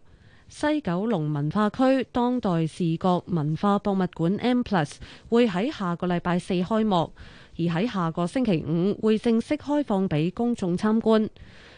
C: 西九龍文化區當代視覺文化博物館 M Plus 會喺下個禮拜四開幕，而喺下個星期五會正式開放俾公眾參觀。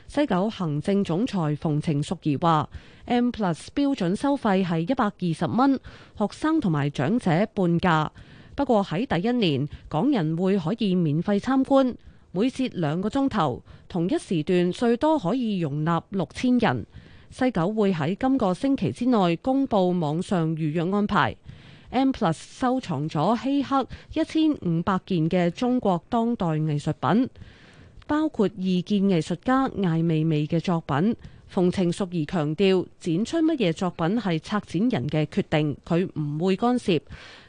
C: 西九行政總裁馮程淑儀話：M+ 標準收費係一百二十蚊，學生同埋長者半價。不過喺第一年，港人會可以免費參觀，每節兩個鐘頭，同一時段最多可以容納六千人。西九會喺今個星期之內公布網上預約安排。M+ 收藏咗希克一千五百件嘅中國當代藝術品。包括異見藝術家艾薇薇嘅作品，馮程淑儀強調，展出乜嘢作品係策展人嘅決定，佢唔會干涉。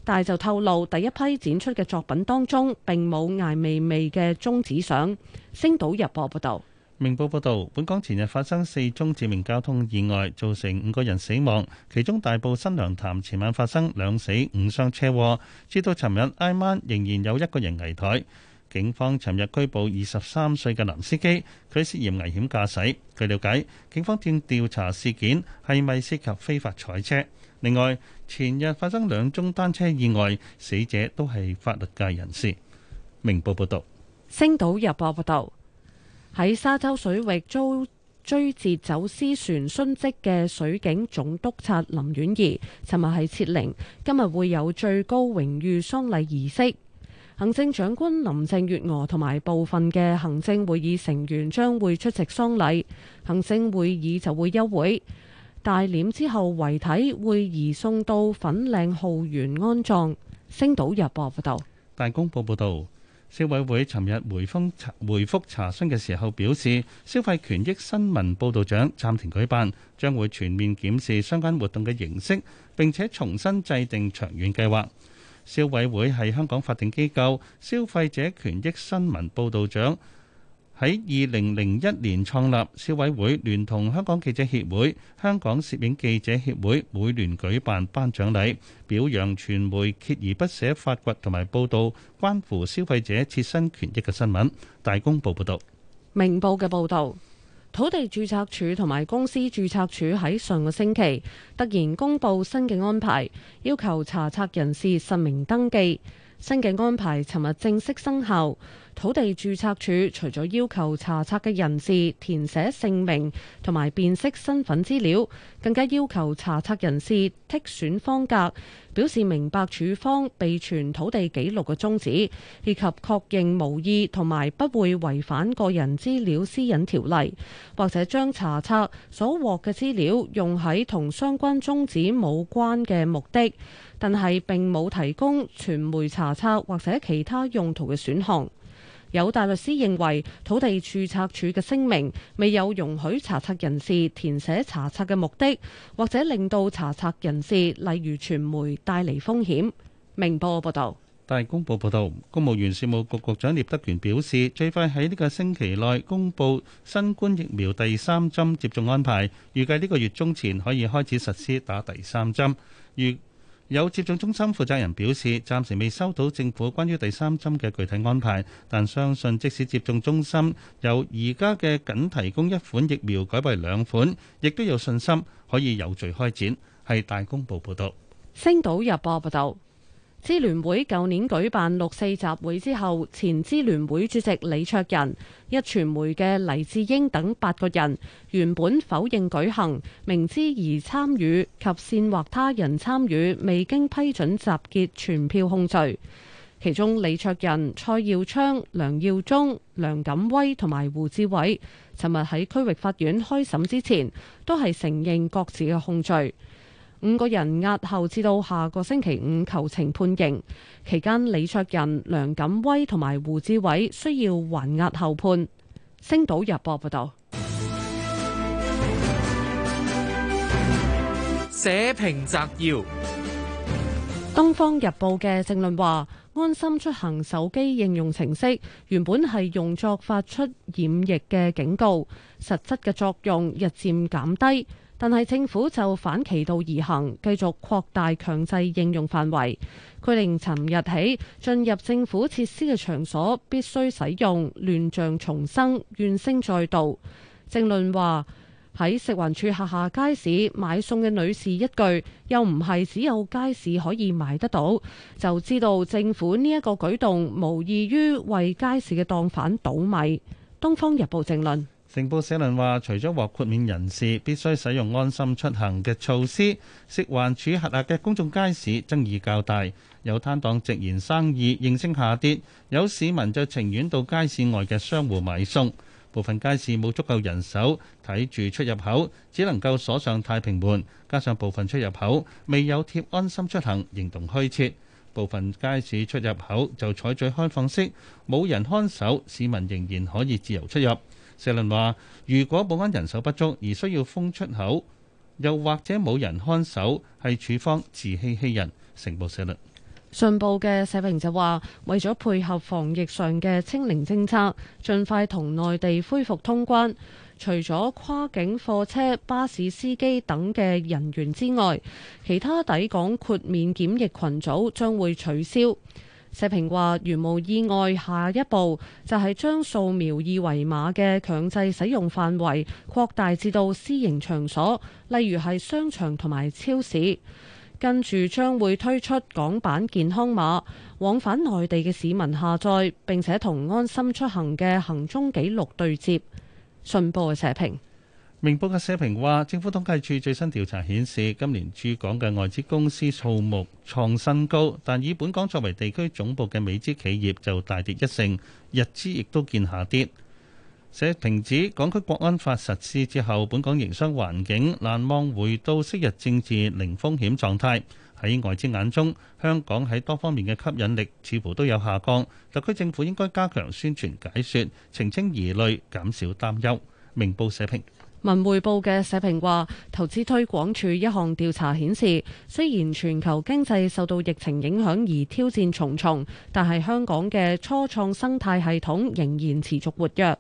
C: 但就透露，第一批展出嘅作品當中並冇艾薇薇嘅中指相。星島日報報道：
D: 「明報報道，本港前日發生四宗致命交通意外，造成五個人死亡，其中大埔新娘潭前晚發生兩死五傷車禍，至到尋日挨晚仍然有一個人危殆。警方尋日拘捕二十三歲嘅男司機，佢涉嫌危險駕駛。據了解，警方正調查事件係咪涉及非法賽車。另外，前日發生兩宗單車意外，死者都係法律界人士。明報報道，
C: 星島日報報道，喺沙洲水域遭追截走私船殉職嘅水警總督察林婉儀，尋日係設靈，今日會有最高榮譽喪禮儀式。行政長官林鄭月娥同埋部分嘅行政會議成員將會出席喪禮，行政會議就會休會。大殮之後，遺體會移送到粉嶺浩園安葬。星島日報報導，
D: 大公報報道，消委會尋日回覆回覆查詢嘅時候表示，消費權益新聞報導獎暫停舉辦，將會全面檢視相關活動嘅形式，並且重新制定長遠計劃。消委會係香港法定機構，消費者權益新聞報道獎喺二零零一年創立，消委會聯同香港記者協會、香港攝影記者協會每年舉辦頒獎禮，表揚傳媒鍥而不捨發掘同埋報道關乎消費者切身權益嘅新聞。大公報報道。
C: 明報嘅報道。土地註冊處同埋公司註冊處喺上個星期突然公佈新嘅安排，要求查冊人士實名登記。新嘅安排尋日正式生效。土地註冊處除咗要求查冊嘅人士填寫姓名同埋辨識身份資料，更加要求查冊人士剔選方格，表示明白處方備存土地記錄嘅宗旨，以及確認無意同埋不會違反個人資料私隱條例，或者將查冊所獲嘅資料用喺同相關宗旨冇關嘅目的。但係並冇提供傳媒查冊或者其他用途嘅選項。有大律師認為土地註冊處嘅聲明未有容許查冊人士填寫查冊嘅目的，或者令到查冊人士例如傳媒帶嚟風險。明報報導，
D: 大公報報導，公務員事務局局長聶德權表示，最快喺呢個星期內公佈新冠疫苗第三針接種安排，預計呢個月中前可以開始實施打第三針。有接種中心負責人表示，暫時未收到政府關於第三針嘅具體安排，但相信即使接種中心由而家嘅僅提供一款疫苗改為兩款，亦都有信心可以有序開展。係大公報報道，
C: 星島日報報道。支聯會舊年舉辦六四集會之後，前支聯會主席李卓人、壹傳媒嘅黎智英等八個人，原本否認舉行，明知而參與及煽惑他人參與未經批准集結，全票控罪。其中李卓人、蔡耀昌、梁耀忠、梁錦威同埋胡志偉，尋日喺區域法院開審之前，都係承認各自嘅控罪。五個人押後至到下個星期五求情判刑，期間李卓人、梁錦威同埋胡志偉需要還押後判。星島日報報道。社評摘要：東方日報嘅政論話，安心出行手機應用程式原本係用作發出染疫嘅警告，實質嘅作用日漸減低。但係政府就反其道而行，繼續擴大強制應用範圍。規定尋日起進入政府設施嘅場所必須使用。亂象叢生，怨聲載道。政論話喺食環署轄下街市買餸嘅女士一句，又唔係只有街市可以買得到，就知道政府呢一個舉動無異於為街市嘅檔販倒米。《東方日報》政論。
D: 成報社論話，除咗獲豁免人士必須使用安心出行嘅措施，食環署轄下嘅公眾街市爭議較大，有攤檔直言生意應聲下跌，有市民就情願到街市外嘅商戶買餸。部分街市冇足夠人手睇住出入口，只能夠鎖上太平門，加上部分出入口未有貼安心出行，形同虛設。部分街市出入口就採取開放式，冇人看守，市民仍然可以自由出入。社論話：如果保安人手不足而需要封出口，又或者冇人看守，係處方自欺欺人。成報社論。
C: 信報嘅社評就話，為咗配合防疫上嘅清零政策，盡快同內地恢復通關，除咗跨境貨車、巴士司機等嘅人員之外，其他抵港豁免檢疫群組將會取消。社評話，如無意外，下一步就係將掃描二維碼嘅強制使用範圍擴大至到私營場所，例如係商場同埋超市。跟住將會推出港版健康碼，往返內地嘅市民下載，並且同安心出行嘅行蹤記錄對接。信報嘅社評。
D: 明報嘅社評話，政府統計處最新調查顯示，今年駐港嘅外資公司數目創新高，但以本港作為地區總部嘅美資企業就大跌一成，日資亦都見下跌。社評指，港區國安法實施之後，本港營商環境難望回到昔日政治零風險狀態。喺外資眼中，香港喺多方面嘅吸引力似乎都有下降。特區政府應該加強宣傳解說，澄清疑慮，減少擔憂。明報社評。
C: 文匯報嘅社評話，投資推廣處一項調查顯示，雖然全球經濟受到疫情影響而挑戰重重，但係香港嘅初創生態系統仍然持續活躍。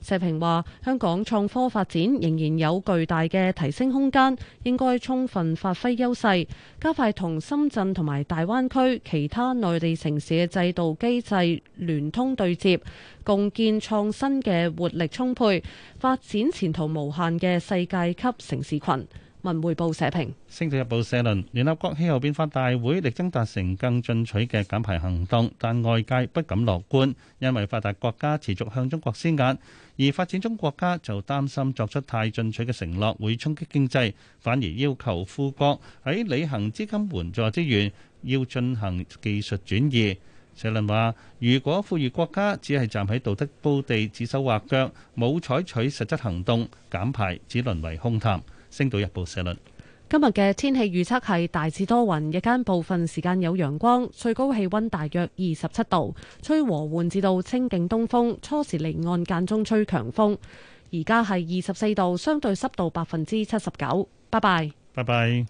C: 社評話：香港創科發展仍然有巨大嘅提升空間，應該充分發揮優勢，加快同深圳同埋大灣區其他內地城市嘅制度機制聯通對接，共建創新嘅活力充沛、發展前途無限嘅世界級城市群。文匯報社評。
D: 《星島日報》社論：聯合國氣候變化大會力爭達成更進取嘅減排行動，但外界不敢樂觀，因為發達國家持續向中國施壓。而發展中國家就擔心作出太進取嘅承諾會衝擊經濟，反而要求富國喺履行資金援助之餘，要進行技術轉移。社論話：如果富裕國家只係站喺道德高地指手畫腳，冇採取實質行動減排，只淪為空談。星島日報社論。
C: 今日嘅天氣預測係大致多雲，日間部分時間有陽光，最高氣溫大約二十七度，吹和緩至到清勁東風，初時離岸間中吹強風。而家係二十四度，相對濕度百分之七十九。拜拜，拜
D: 拜。